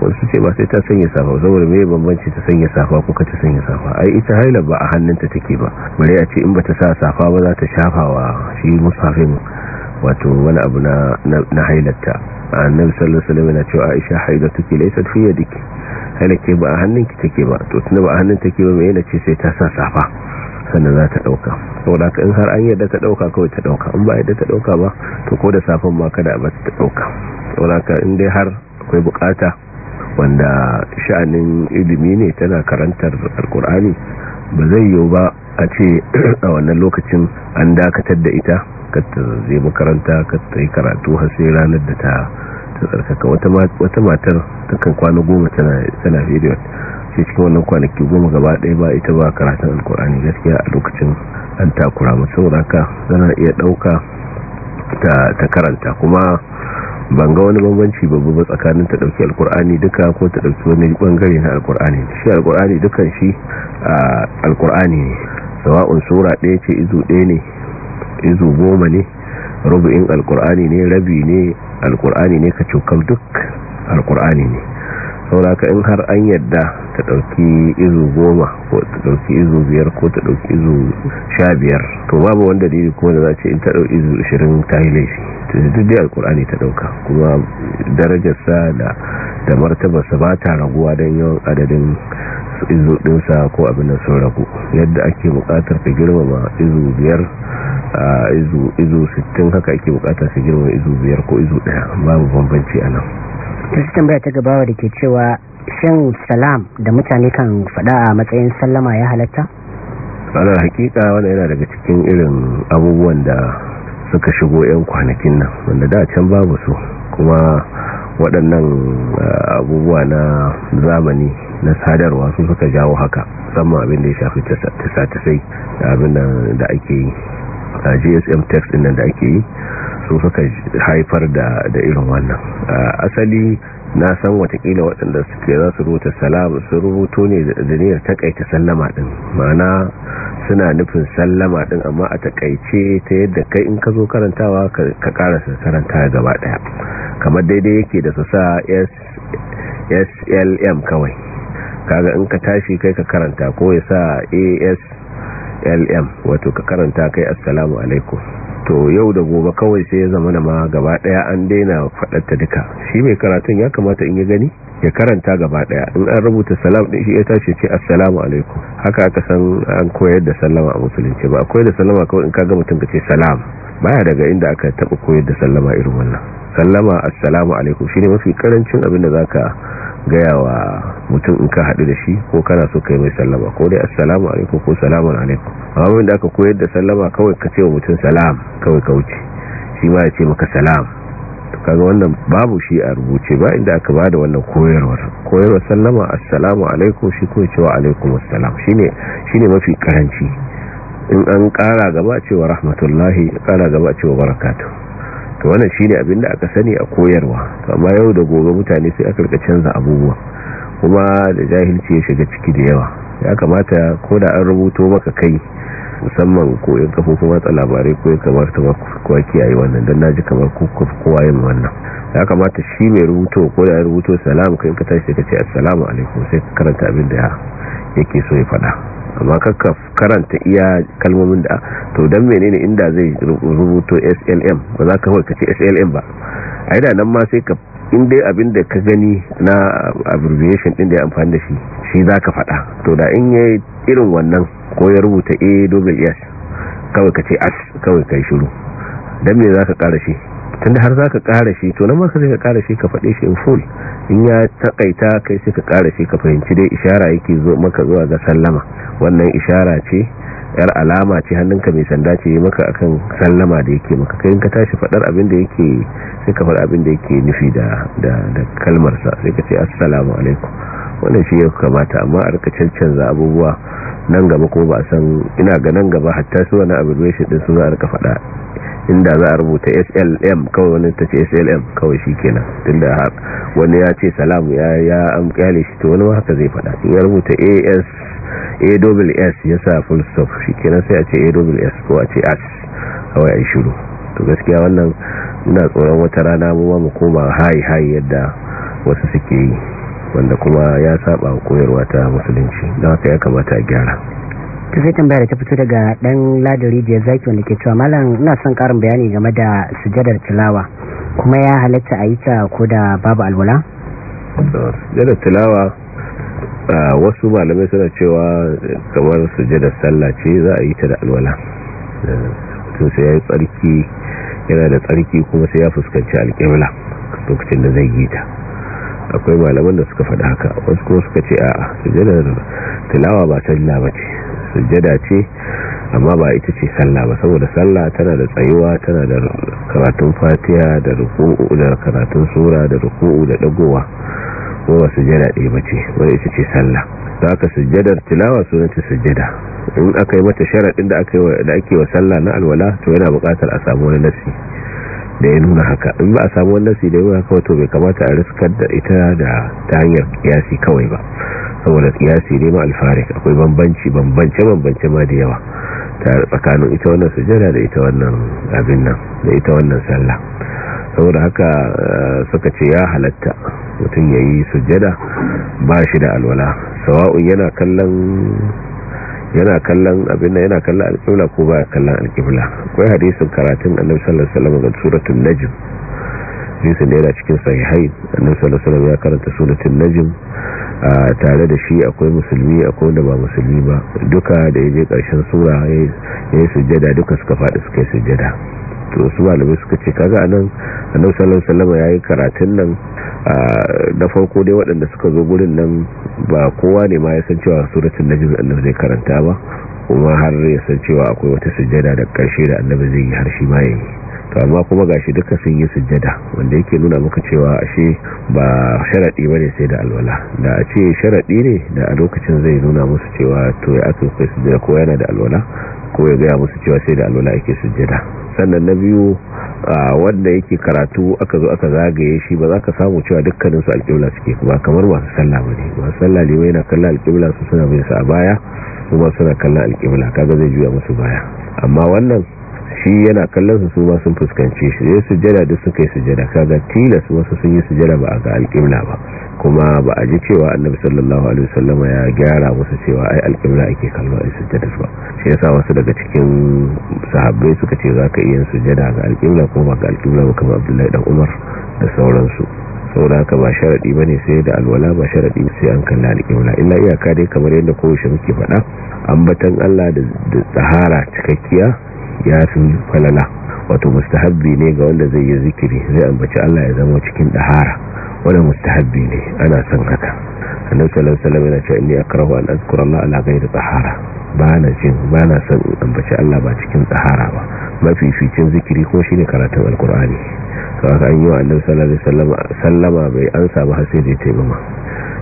wasu ce ba sai ta sanya safa saboda mai bambanci ta sanya safa ko ka ta sanya safa ai ita haila ba a hannunta take ba bare a ce in ba ta sa safa ba za ta shafa wa shi musafin wato wani abu na na hailarta annabi sallallahu alaihi cewa aisha haidatuki fiye fi yadiki hailake ba a hannunki take ba to tunda ba a hannun take ba me yana ce sai ta sa safa sannan za ta ɗauka saboda in har an yadda ta dauka kawai ta ɗauka in ba yadda ta ɗauka ba to ko da safin ma kada ba ta ɗauka saboda in dai har akwai bukata wanda sha'anin ilimi ne tana karantar alkur'ani ba zai yiwu ba a ce [clears throat] a wannan lokacin an dakatar da ita kata zai makaranta kata yi karatu har sai ranar da ta tsarkaka wata matar ta kan kwana goma tana video sai cikin wannan kwanaki goma gaba ɗaya ba ita ba karatun alkur'ani gaskiya a lokacin an takura masu raka zana iya ɗauka ta karanta kuma ban ga wani bambanci babu ba tsakanin ta dauki alkur'ani duka ko ta dauki wani bangare na alkur'ani shi alkur'ani dukan shi a alkur'ani ne sawa'un sura ɗaya ce izu ɗaya ne izu goma ne rubu'in alkur'ani ne rabi ne alkur'ani ne ka cokar duk alkur'ani ne sauraka in har an yadda ta ɗauki izu goma ko ta ɗauki izu biyar ko ta ɗauki izu sha biyar to babu wanda dai ko da za ce in ta ɗauki izu ashirin ta yi laifi to duk alkur'ani ta ɗauka kuma darajarsa da da martabarsa ba ta raguwa don yawan adadin izu ɗinsa ko abin da sun ragu yadda ake buƙatar ka girmama izu biyar a izu sittin haka ake buƙatar ka girmama izu biyar ko izu ɗaya babu bambanci a nan sai tambaya ta gabawa da ke cewa shan salam da mutane kan faɗa a matsayin sallama ya halatta? ana hakika wanda yana daga cikin irin abubuwan da suka shigo 'yan kwanakin nan wanda da can babu su kuma waɗannan abubuwa na zamani na sadarwa sun suka jawo haka musamman abin da ya shafi tasa-tasai da abin da ake yi a gsm text ɗin da ake yi su suka haifar da da irin wannan asali na san watakila waɗanda suke za su rubuta salama su rubuto ne da niyyar takaita sallama ɗin ma'ana suna nufin sallama ɗin amma a takaice ta yadda kai in ka zo karantawa ka ƙara karanta gaba ɗaya kamar daidai yake da su sa slm kawai kaga in ka tashi kai ka karanta ko ya sa aslm wato ka karanta kai assalamu alaikum to yau da gobe kawai sai ya zama na ma gaba daya an daina faɗarta duka shi mai karatun ya kamata in ya gani ya karanta gaba daya in an rubuta salam din shi ya tashi ce assalamu alaikum haka aka san an koyar da sallama a musulunci ba akwai da sallama kawai in ka ga mutum ka ce salam baya daga inda aka taba koyar da sallama irin wannan sallama assalamu alaikum shine mafi karancin abin da zaka gaya wa mutum in ka haɗu da shi ko kana so ka yi mai sallama ko dai assalamu alaikum ko salamun alaikum amma wanda aka koyar da sallama kawai ka ce wa mutum salam kawai ka wuce shi ma ya ce maka salam kaga wannan babu shi a rubuce ba inda aka bada wannan koyarwar koyarwar sallama assalamu alaikum shi ko cewa alaikum assalam shine shine mafi karanci in an kara gaba cewa rahmatullahi kara gaba cewa barakatuh to wannan shine abin da aka sani a koyarwa amma yau da gobe mutane sai aka rika canza abubuwa kuma da jahilci ya shiga ciki da yawa ya kamata ko da an rubuto maka kai musamman ko in kafofin watsa labarai ko kamar ta kowa kiyaye wannan don naji kamar kowa yin wannan ya kamata shi mai rubuto ko da ya rubuto salam kai ka tashi ka ce assalamu alaikum sai ka karanta abin da yake so ya faɗa amma kakka karanta iya kalmomin da to don menene inda zai rubuto slm ba za ka kawai ce slm ba a yi da nan ma sai ka in dai abin da ka gani na abbreviation din da ya amfani da shi shi za ka faɗa to da in yi irin wannan ko ya rubuta a double e s kawai ka ce as kawai ka shiru don me za ka ƙara shi tunda har za ka ƙara shi to nan maka sai ka ƙara shi ka faɗe shi in full in ya takaita kai sai ka ƙara shi ka fahimci dai ishara yake zo maka zuwa ga sallama wannan ishara ce yar alama ce hannunka mai sanda ce maka akan sallama da yake maka kai ka tashi faɗar abin da yake sai ka faɗi abin da yake nufi da da kalmar sa sai ka ce assalamu alaikum wannan shi ya kamata amma a rika cancanza abubuwa nan gaba ko ba a san ina ga nan gaba hatta su wani abu din su za a rika faɗa inda za a rubuta slm kawai wani ta ce slm kawai shi kenan tunda wani ya ce salam ya ya an shi to wani ma haka zai fada in ya rubuta as aws ya sa full stop shi kenan sai a ce aws ko a ce as kawai a shiru to gaskiya wannan ina tsoron wata rana mu mu koma hai hai yadda wasu suke yi wanda kuma ya saba koyarwa ta musulunci don haka ya kamata a gyara ta sai tambaya da ta fito daga dan ladari da zaki wanda ke cewa malam ina son karin bayani game da sujadar tilawa kuma ya halatta a yi ta ko da babu alwala sujadar tilawa wasu malamai suna cewa kamar sujadar sallah ce za a yi ta da alwala to sai ya yi tsarki yana da tsarki kuma sai ya fuskanci alƙibla lokacin da zai yi ta akwai malaman da suka faɗa haka wasu kuma suka ce a'a sujadar tilawa ba sallah ba ce sujjada ce amma ba ita ce sallah ba saboda sallah tana da tsayuwa tana da karatun fatiha da ruku'u da karatun sura da ruku'u da dagowa ko ba sujjada ɗaya ba ce wani ita ce sallah za aka sujjadar tilawa sunanta sujjada in aka yi mata sharaɗin da ake wa sallah na alwala to yana buƙatar a samu wani nasi da ya nuna haka in ba a samu wani nasi da ya nuna haka wato bai kamata a riskar da ita da ta hanyar kiyasi kawai ba saboda kiyasi ne ma alfarik akwai bambanci bambance bambance ma da yawa tsakanin ita wannan sujada da ita wannan abin nan da ita wannan sallah saboda haka eh, suka ce ya halatta mutum ya yi sujada ba shi da alwala sawa'un yana kallon yana kallon abin nan yana kallon alƙibla ko ba kallon alƙibla akwai hadisin karatun annabi sallallahu alaihi wasallam ga suratul najm hadisi da yana cikin sahihai annabi sallallahu alaihi ya karanta suratul najm tare da shi akwai musulmi akwai wanda ba musulmi ba duka da yaje karshen sura yayi sujjada duka suka faɗi suka yi sujjada to su malamai suka ce kaga anan annabi sallallahu alaihi wasallam yayi karatun nan da farko dai waɗanda suka zo gurin nan ba kowa ne ma ya san cewa suratul najm annabi zai karanta ba kuma har ya san cewa akwai wata sujada da karshe da annabi zai yi har shi ma yayi to amma kuma gashi duka sun yi sujjada wanda yake nuna maka cewa ashe ba sharadi bane sai da alwala da a ce sharadi ne da a lokacin zai nuna musu cewa to ya aka kai sujjada ko yana da alwala ko ya gaya musu cewa sai da alwala ake sujjada sannan na biyu wanda yake karatu aka zo aka zagaye shi ba za ka samu cewa dukkanin su alƙibla suke ba kamar masu sallah bane masu sallah ne yana kallon alƙibla su suna bin sa a baya kuma suna kallon alƙibla kaga zai juya musu baya amma wannan shi yana kallon su su ma sun fuskanci shi ya sujada da suka yi sujada kaga tilas wasu sun yi sujada ba a ga alƙimla ba kuma ba a ji cewa annabi sallallahu alaihi wasallama ya gyara musu cewa ai alƙimla ake kallo ai sujada ba shi yasa wasu daga cikin sahabbai suka ce za ka iya sujada ga alƙimla ko ba ga alƙimla ba kamar Abdullahi dan Umar da sauransu saboda haka ba sharadi bane sai da alwala ba sharadi sai an kalla alƙimla. illa iyaka dai kamar yadda kowace muke faɗa ambatan Allah da tsahara cikakkiya ya falala wato mustahabbi ne ga wanda zai yi zikiri zai ambaci Allah ya zama cikin dahara wanda mustahabbi ne ana son haka annabi sallallahu alaihi wasallam yana cewa inni akrahu an azkura Allah ala ghairi ba na jin na son ambaci Allah ba cikin tsahara ba mafi mafificin zikiri ko shine karatun alkur'ani kawai an yi wa annabi sallallahu alaihi sallama bai ansa ba har sai da ya taimama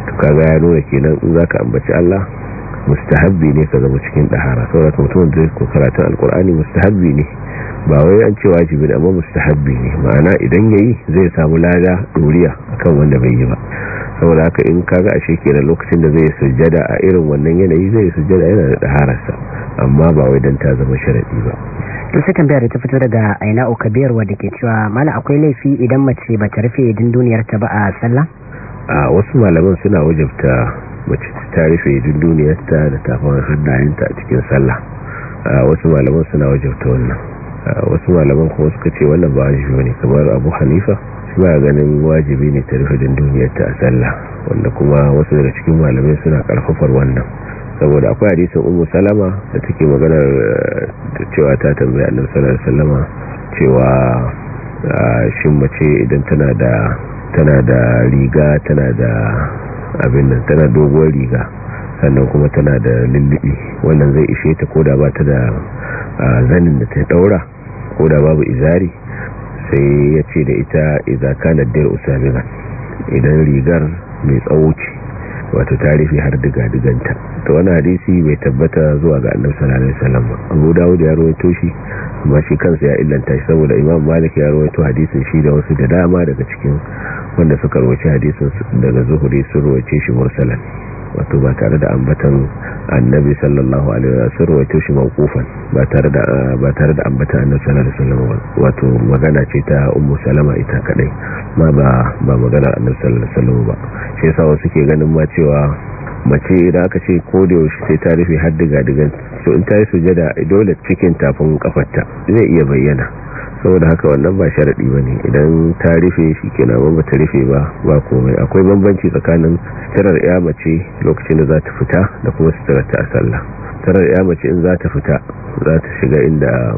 to kaga ya nuna kenan in zaka ambaci Allah mustahabbi ne ka zama cikin dahara saboda mutumin da zai karatun alkur'ani mustahabbi ne ba wai an ce wajibi da amma mustahabbi ne ma'ana idan ya yi zai samu lada ɗuriya akan wanda bai yi ba saboda haka in kaga ashe da lokacin da zai yi sujjada a irin wannan yanayi zai yi sujjada yana da ɗahararsa amma ba wai dan ta zama sharadi ba to sai tambayar da ta fito daga aina biyarwa da ke cewa mana akwai laifi idan mace ba ta rufe dinduniyar ta ba a sallah a wasu malaman suna wajabta mace ta rufe dunduniyarta da tafin hannayenta a cikin sallah a wasu malaman suna wajabta wannan a wasu malaman kuma suka ce wannan ba wajibi ne kamar abu hanifa shi ba ganin wajibi ne ta rufe dunduniyarta a sallah wanda kuma wasu daga cikin malamai suna karfafar wannan saboda akwai hadisin ummu salama da take maganar da cewa ta tambaye annabi sallallahu alaihi cewa shin mace idan tana da tana da riga tana da abin nan tana doguwar riga sannan kuma tana da lullubi wannan zai ishe ta koda ba ta da zanin da ta daura koda babu izari sai ya ce da ita idza dare dar idan rigar mai tsawo ce wato tarihi har diga-diganta ta wani hadisi bai tabbata zuwa ga annabi sallallahu alaihi wasallam abu dawud ya rawaito shi amma shi kansa ya illanta shi saboda imam malik ya rawaito hadisin shi da wasu da dama daga cikin wanda suka rawaci hadisin daga zuhuri sun rawace shi mursalan wato ba tare da ambatan annabi sallallahu alaihi wasallam wato shi mawqufan ba tare da ba tare da ambatan annabi sallallahu alaihi wasallam wato magana ce ta ummu salama ita kadai ma ba ba magana annabi sallallahu alaihi wasallam ba shi yasa wasu ke ganin ma cewa mace idan aka ce ko da yaushe sai ta rufe har diga digan so in ta yi sujada dole cikin tafin kafarta zai iya bayyana saboda haka wannan ba sharaɗi ba ne idan ta rufe shi ke naman ba ta rufe ba ba komai akwai bambanci tsakanin sitarar ya mace lokacin da za ta fita da kuma sitarar ta a sallah sitarar ya mace in za ta fita za ta shiga inda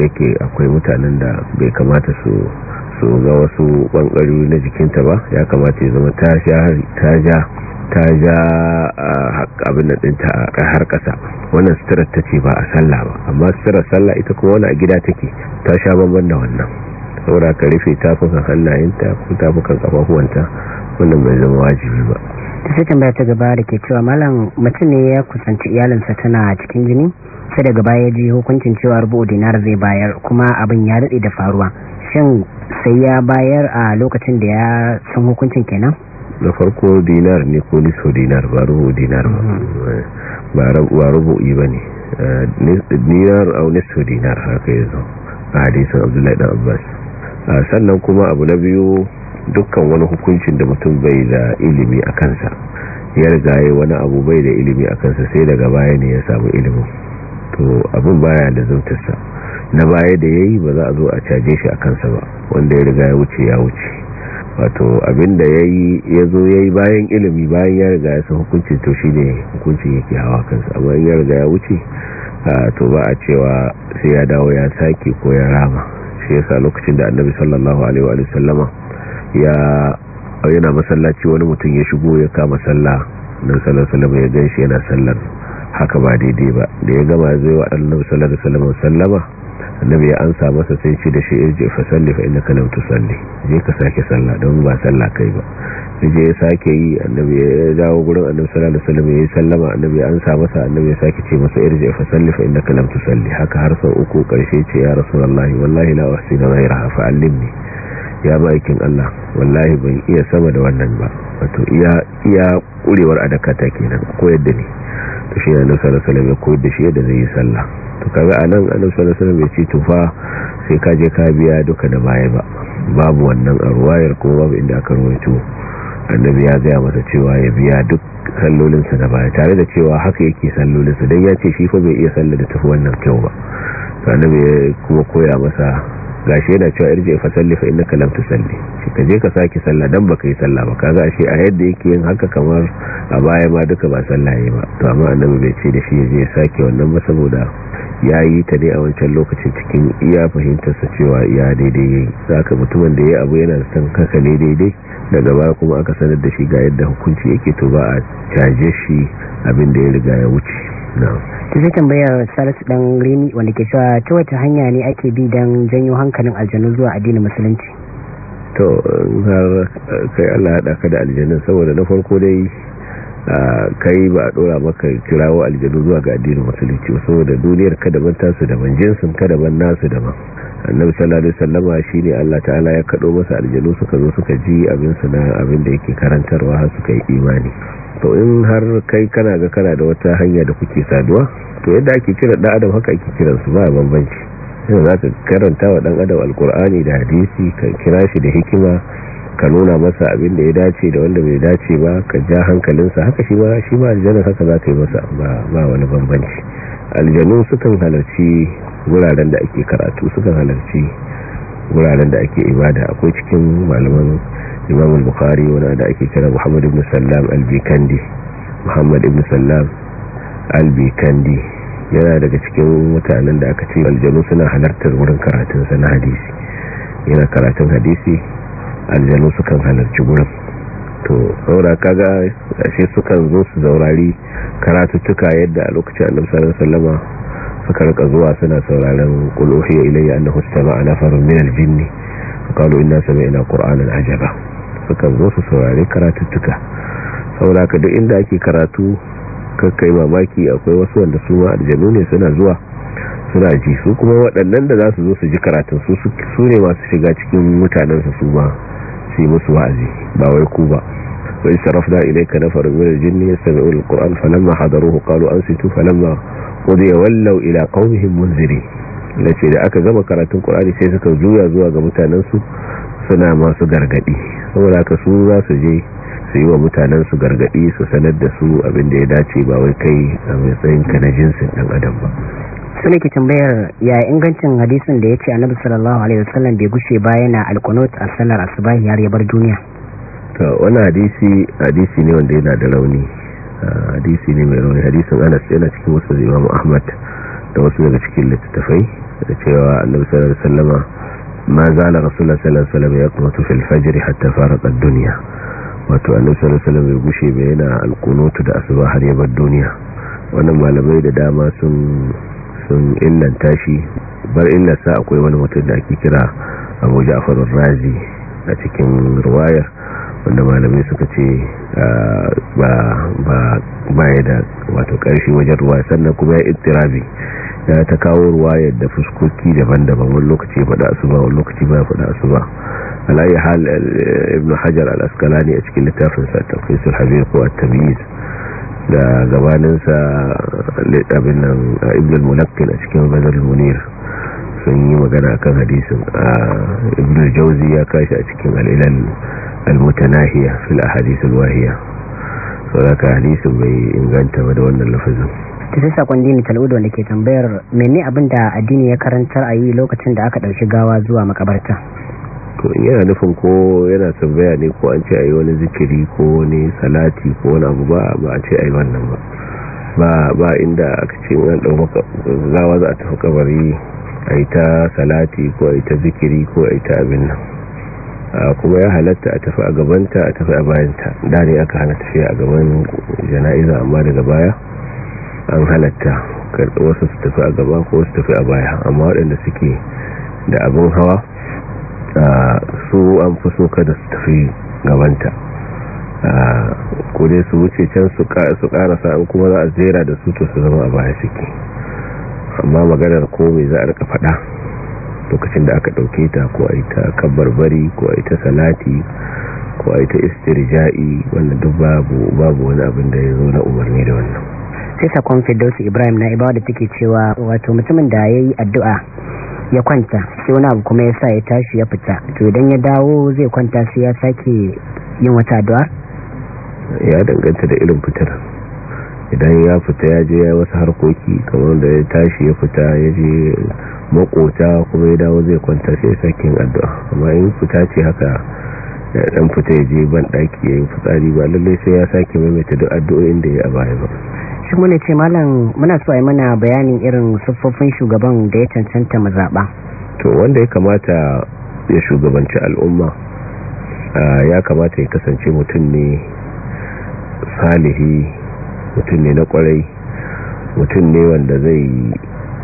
yake akwai mutanen da bai kamata su su ga wasu ɓangare na jikinta ba ya kamata ya zama ta ja ta ja abin da ɗinta a har ƙasa wannan sitarar ta ce ba a sallah ba amma sitarar sallah ita kuma wani a gida take ta sha bamban da wannan saboda ka rufe tafukan hannayenta ko tafukan kafafuwanta wannan bai zama wajibi ba ta sai tambaya ta gaba da ke cewa malam mutum ne ya kusanci iyalinsa tana cikin jini sai daga baya ji hukuncin cewa rubu dinar zai bayar kuma abin ya daɗe da faruwa shin sai ya bayar a lokacin da ya san hukuncin kenan na farko dinar ne ko niso dinar ba rubu dinar ba mm-hmm. ba iya ba ne eh, dinar wani so dinar haka yanzu a abdullahi da abbas sannan kuma abu na biyu dukkan wani hukuncin da mutum bai da ilimi a kansa ya rigaye wani abu bai da ilimi a kansa sai daga baya ne ya samu ilimi to abin baya da zautarsa na baya da ya yi ba za a zo a caje shi a kansa ba wanda ya riga ya wuce ya wuce wato abin da ya yi ya zo ya yi bayan ilimi bayan ya riga ya san hukuncin to shi ne hukuncin yake hawa kansa amma ya riga ya wuce Ah, to ba a cewa sai ya dawo ya sake ko ya rama shi yasa lokacin da annabi sallallahu alaihi wa sallama ya yana masallaci wani mutum ya shigo ya kama sallah nan sallallahu alaihi ya ganshi yana sallar haka ba daidai ba da ya gama zai wa annabi sallallahu alaihi sallama annabi ya ansa masa sai ce da shi irji fa salli fa innaka lam tusalli je ka sake sallah don ba salla kai ba je ya sake yi annabi ya dawo gurin annabi sallallahu alaihi wasallam ya sallama annabi ya ansa masa annabi ya sake ce masa irji fa salli fa innaka lam tusalli haka har sau uku karshe ce ya rasulullahi wallahi la uhsinu ghayraha fa allimni ya baikin Allah wallahi ban iya sama da wannan ba wato iya iya kurewar ta kenan ko yadda ne to shi annabi sallallahu alaihi wasallam ya koyar da shi yadda zai yi sallah to kaga anan annabi sallallahu alaihi wasallam ya ce tufa sai ka je ka biya duka da baya ba babu wannan arwayar ko babu inda aka rawaito annabi ya gaya masa cewa ya biya duk sallolinsa da baya tare da cewa haka yake sallolinsa dan ya ce shi fa bai iya sallar da tafi wannan kyau ba annabi ya kuma koya masa gashi yana cewa irje fa salli fa innaka lam tusalli shi ka je ka saki sallah dan baka yi sallah ba kaga ashe a yadda yake yin haka kamar a baya ma duka ba sallaye ba to amma annabi bai ce da shi je saki wannan ba saboda ya yi ta dai a wancan lokacin cikin iya fahimtarsa cewa ya daidai ya yi za ka mutumin da ya abu yana san kaka ne daidai daga ba kuma aka sanar da shi ga yadda hukunci yake to ba a caje shi abin da ya riga ya wuce ta zai tambayar salisu dan rini wanda ke cewa ta wata hanya ne ake bi dan janyo hankalin aljanu zuwa addinin musulunci to har eh, kai allah haɗa ka da aljanun saboda na farko dai kai ba a dora maka kirawo aljanu zuwa ga addinin musulunci saboda duniyar ka daban tasu daban jinsin ka daban nasu daban annabi sallallahu alaihi shi ne Allah ta'ala ya kado masa aljanu suka zo suka ji abin su na abin da yake karantarwa har suka yi imani to in har kai kana ga kana da wata hanya da kuke saduwa to yadda ake kira dan adam haka ake su ba bambanci sai za ka karanta wa dan adam alkur'ani da hadisi ka kira shi da hikima ka nuna masa abin da ya dace da wanda bai dace ba ka ja hankalinsa haka shi ba shi ba aljanna haka za ka yi masa ba wani bambanci aljanu sukan halarci wuraren da ake karatu sukan halarci wuraren da ake ibada akwai cikin malaman imam al-bukhari wani da ake kira muhammad ibn sallam al muhammad ibn sallam al-bikandi yana daga cikin mutanen da aka ce aljanu suna halartar wurin karatunsa na hadisi yana karatun hadisi aljanu sukan halarci gurin to saura kaga ashe sukan zo su zaurari karatuttuka yadda a lokacin annabi sallallahu alaihi wasallam suka rika zuwa suna sauraron quluhi ilayya annahu istama'a nafarun min al-jinn qalu inna sami'na qur'anan ajaba sukan zo su saurari karatuttuka saura ka duk inda ake karatu kakkai mamaki akwai wasu wanda su ma aljanu ne suna zuwa suna ji su kuma waɗannan da za su zo su ji karatun su su ne masu shiga cikin mutanensu su ma su yi musu wa'azi ba wai ku ba wai sarafna ilayka nafarin min aljinn yastami'una alquran falamma hadaruhu qalu ansitu falamma ya wallau ila qaumihim munziri lace da aka gama karatun ƙurani sai suka juya zuwa ga mutanensu suna masu gargadi saboda haka su za su je su yi wa mutanensu gargaɗi gargadi su sanar da su abin da ya dace ba wai kai a matsayin ka na jinsin ɗan adam ba sai ke tambayar ya ingancin hadisin da ya ce annabi sallallahu alaihi wasallam bai gushe ba yana alqunut a sallar asubahi har ya bar duniya to wannan hadisi hadisi ne wanda yana da rauni ah, hadisi ne mai rauni hadisin Anas yana cikin wasu Imam Ahmad da wasu daga cikin littattafai da cewa annabi sallallahu alaihi wasallam ma zala rasulullah sallallahu alaihi wasallam yaqnutu fil fajr hatta faraqa ad-dunya wato annabi sallallahu alaihi wasallam bai gushe ba yana alqunut da asuba har ya bar duniya wannan malamai da dama sun sun illanta shi bar illarsa akwai wani mutum da ake kira abu ja'far razi a cikin ruwayar wanda malamai suka ce ah, ba ya da wato ƙarfi wajen ruwa sannan kuma ya itirabi ya ta kawo ruwayar da fuskoki daban-daban wani lokaci ya su ba wani lokaci ba ya su ba alayi hal eh, ibn hajar al-askalani a cikin littafin sa tafsir habir ko at-tamyiz da gabaninsa abin nan ibn a cikin bazar munir sun yi magana akan hadisin ibn al ya kashi a cikin al-ilal al-mutanahiya fil ahadith al-wahiya saboda hadisin bai inganta ba da wannan lafazin ta sakon dini talwudu da ke tambayar mene abin da addini ya karantar a yi lokacin da aka ɗauki gawa zuwa makabarta to in yana nufin ko yana tambaya ne ko an ce ayi wani zikiri ko wani salati ko wani abu ba ba a ce ayi wannan ba ba inda aka ce an dau zawa za a tafi kabari ayi ta salati ko ayi ta zikiri ko ayi ta abin nan kuma ya halatta a tafi a gabanta a tafi a bayanta da ne aka hana tafiya a gaban jana'iza amma daga baya an halatta wasu su tafi a gaba ko su tafi a baya amma waɗanda suke da abin hawa su an fi so kada su tafi gabanta ko dai su wuce can su karasa an kuma za a zera da su to su zama a baya suke amma maganar komai za a rika fada lokacin da aka ɗauke ta ko a yi ta kabarbari ko a yi ta salati ko a yi ta istirja'i wannan duk babu wani abin da ya zo na umarni da wannan sai sakon firdausi ibrahim na ibawa da take cewa wato mutumin da ya yi addu'a ya kwanta sai wani abu kuma ya sa ya tashi ya fita to idan ya dawo zai kwanta sai ya sake yin wata addu'a ya danganta da irin fitar idan ya fita ya je ya wasu harkoki kamar da ya tashi ya fita ya je makota kuma ya dawo zai kwanta sai ya sake yin addu'a amma in fita ce haka ya dan fita ya je ban daki ya yi fitsari ba lallai sai ya sake maimaita duk addu'o'in da ya a baya ba ci muna ce malam muna so a mana bayanin irin siffofin shugaban da ya cancanta mazaɓa to wanda ya kamata ya shugabanci al'umma ya kamata ya kasance mutum ne salihi mutum ne na kwarai mutum ne wanda zai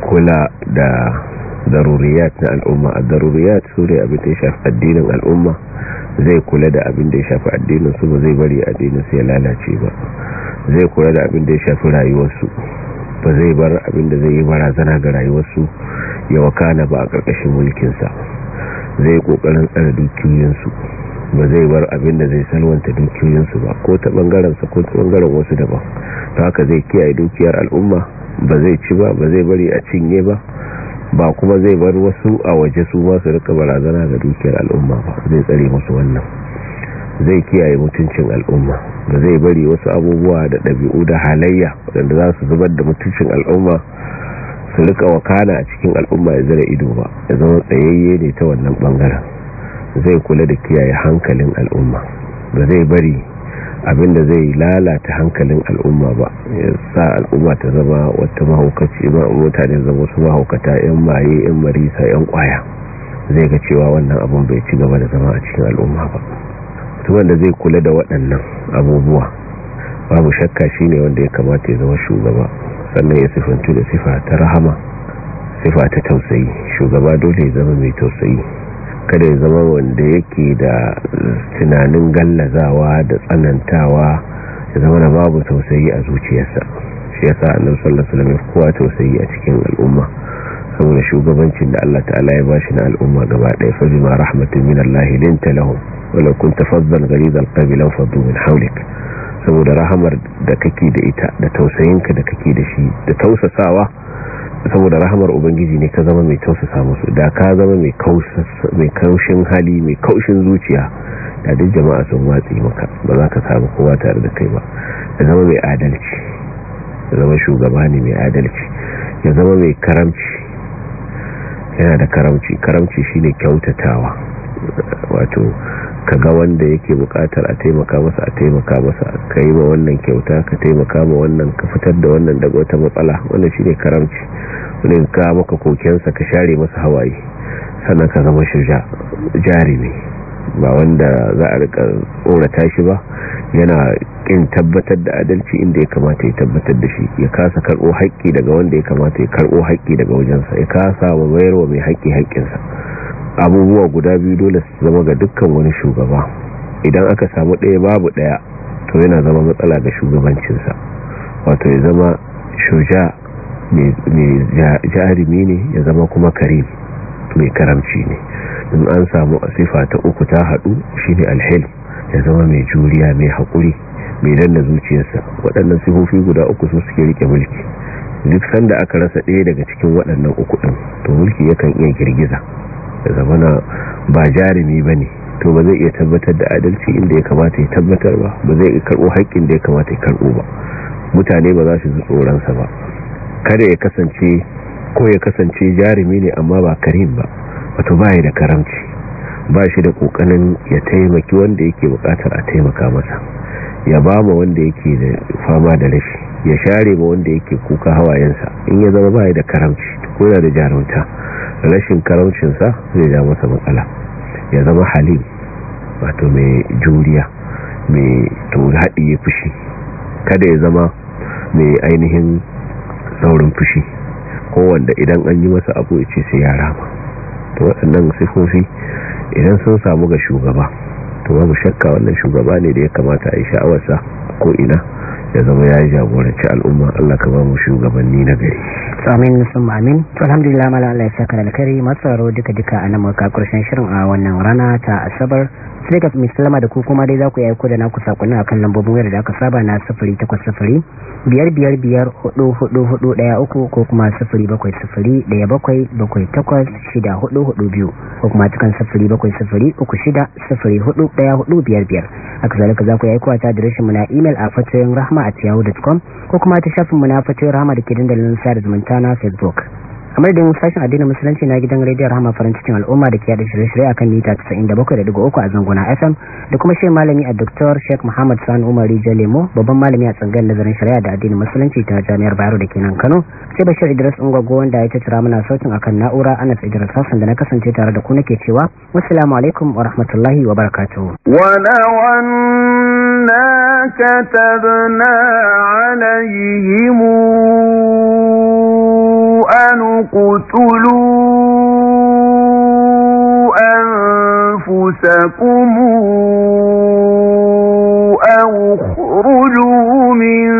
kula da daruriyat na al'umma a daruriyat su ne abin da ya shafi addinin al'umma zai kula da abin da ya shafi addinin su ba zai bari addinin su ya lalace ba zai kula da abin da ya shafi rayuwarsu ba zai bar abin da zai yi barazana ga rayuwarsu ya wakana ba a ƙarƙashin mulkinsa zai ƙoƙarin tsara dukiyoyinsu ba zai bar abin da zai salwanta dukiyoyinsu ba ko ta ɓangarensa ko ta ɓangaren wasu daban ta haka zai kiyaye dukiyar al'umma ba zai ci ba ba zai bari a cinye ba ba kuma zai bar wasu a waje su ba su rika barazana ga dukiyar al'umma ba zai tsare musu wannan zai kiyaye mutuncin al'umma ba zai bari wasu abubuwa da ɗabi'u da halayya waɗanda za su zubar da mutuncin al'umma su rika wakana a cikin al'umma ya zara ido ba ya zama tsayayye ne ta wannan ɓangaren zai kula da kiyaye hankalin al'umma ba zai bari abin da zai lalata hankalin al'umma ba ya sa al'umma ta zama wata mahaukaci ba mutane zama wasu mahaukata 'yan maye 'yan marisa 'yan kwaya zai ga cewa wannan abin bai ci gaba da zama a cikin al'umma ba mutum wanda zai kula da waɗannan abubuwa babu shakka shi ne wanda ya kamata ya zama shugaba sannan ya siffantu da sifa ta rahama sifa ta tausayi shugaba dole ya zama mai tausayi kada ya zama wanda yake da tunanin gallazawa da tsanantawa ya zama da babu tausayi a zuciyarsa shi ya annabi sallallahu alaihi wasallam kowa tausayi a cikin al'umma saboda shugabancin da Allah ta'ala ya bashi na al'umma gaba ɗaya fa bima rahmatin min Allah linta lahum walau kunta fazzan ghalizal qalbi law faddu min hawlik saboda rahamar da kake da ita da tausayinka da kake da shi da tausasawa saboda rahamar ubangiji ne ka zama mai tausasa musu da ka zama mai kaushin hali mai kaushin zuciya da duk jama'a sun watsi maka ba za ka samu kowa tare da kai ba ka zama mai adalci da zama shugaba ne mai adalci ya zama mai karamci yana da karamci karamci shine kyautatawa wato ka ga wanda yake bukatar a taimaka masa a taimaka masa ka yi ma wannan kyauta ka taimaka ma wannan ka fitar da wannan daga wata matsala wanda shine karamci wani ka maka kokensa ka share masa hawaye sannan ka zama shirja jarumi ba wanda za a rika tsorata shi ba yana kin tabbatar da adalci inda ya kamata ya tabbatar da shi ya kasa karbo haƙƙi daga wanda ya kamata ya karbo haƙƙi daga wajensa ya kasa wa bayarwa mai haƙƙi haƙƙinsa abubuwa guda biyu dole su zama ga dukkan wani shugaba idan aka samu ɗaya babu ɗaya to yana zama matsala ga shugabancinsa wato ya zama shuja mai jarumi ne ya zama kuma karim mai karamci ne in an samu sifa ta uku ta haɗu shine alhil ya zama mai juriya mai haƙuri mai danna zuciyarsa waɗannan sifofi guda uku su suke rike mulki duk sanda aka rasa ɗaya daga cikin waɗannan uku ɗin to mulki yakan iya girgiza da zamana ba jarumi ba ne to ba zai iya tabbatar da adalci inda ya kamata ya tabbatar ba ba zai iya karɓo haƙƙin da ya kamata ya karɓo ba mutane ba za su ji tsoronsa ba kada ya kasance ko ya kasance jarumi ne amma ba karim ba wato bai da karamci ba shi da kokanin ya taimaki wanda yake bukatar a taimaka masa ya ba ma wanda yake da fama da rashi ya share ma wanda yake kuka hawayensa in ya zama baya da karamci ko ya da jarumta rashin karamcinsa zai ja masa matsala ya zama halin wato mai juriya mai haɗi ya fushi kada ya zama mai ainihin saurin fushi ko wanda idan an yi masa abu ya ce sai ya rama ta waɗannan sifofi idan sun samu ga shugaba to babu shakka wannan shugaba ne da ya kamata a yi sha'awarsa ko ina ya zama ya yi jagoranci al'umma Allah ka ba mu shugabanni na gari amin sun amin alhamdulillah mala Allah ya saka alkhairi matsaro duka duka a nan muka shirin a wannan rana ta asabar sai mai salama da ku kuma dai za ku yi da naku sakonin akan lambobin wayar da aka saba na 0800 biyar hudu hudu daya uku ko kuma sifiri bakwai daya bakwai bakwai takwas shida hudu hudu biyu ko kuma cikin sifiri bakwai sifiri uku shida hudu daya hudu biyar biyar za ku yi aikowa ta adireshin mu na imel a fatoyin rahama a tiyahu.com ko kuma ta shafin mu na fatoyin rahama da ke dandalin sa da zumunta na facebook kamar da sashen addinin musulunci na gidan rediyon rahama farin cikin al'umma da ke yada shirye-shirye akan mita 97.3 a zanguna fm da kuma shi malami a dr sheik muhammad sani umar rijal lemo babban malami a tsangayar nazarin shari'a da addinin musulunci ta jami'ar bayero da ke nan kano sai bashir idris ungwaggo wanda ya tattara mana sautin akan na'ura anas idris hassan da na kasance tare da ku nake cewa wassalamu alaikum wa rahmatullahi wa barakatuhu كتبنا عليهم اقْتُلُوا أَنفُسَكُمْ أَوْ اخْرُجُوا مِن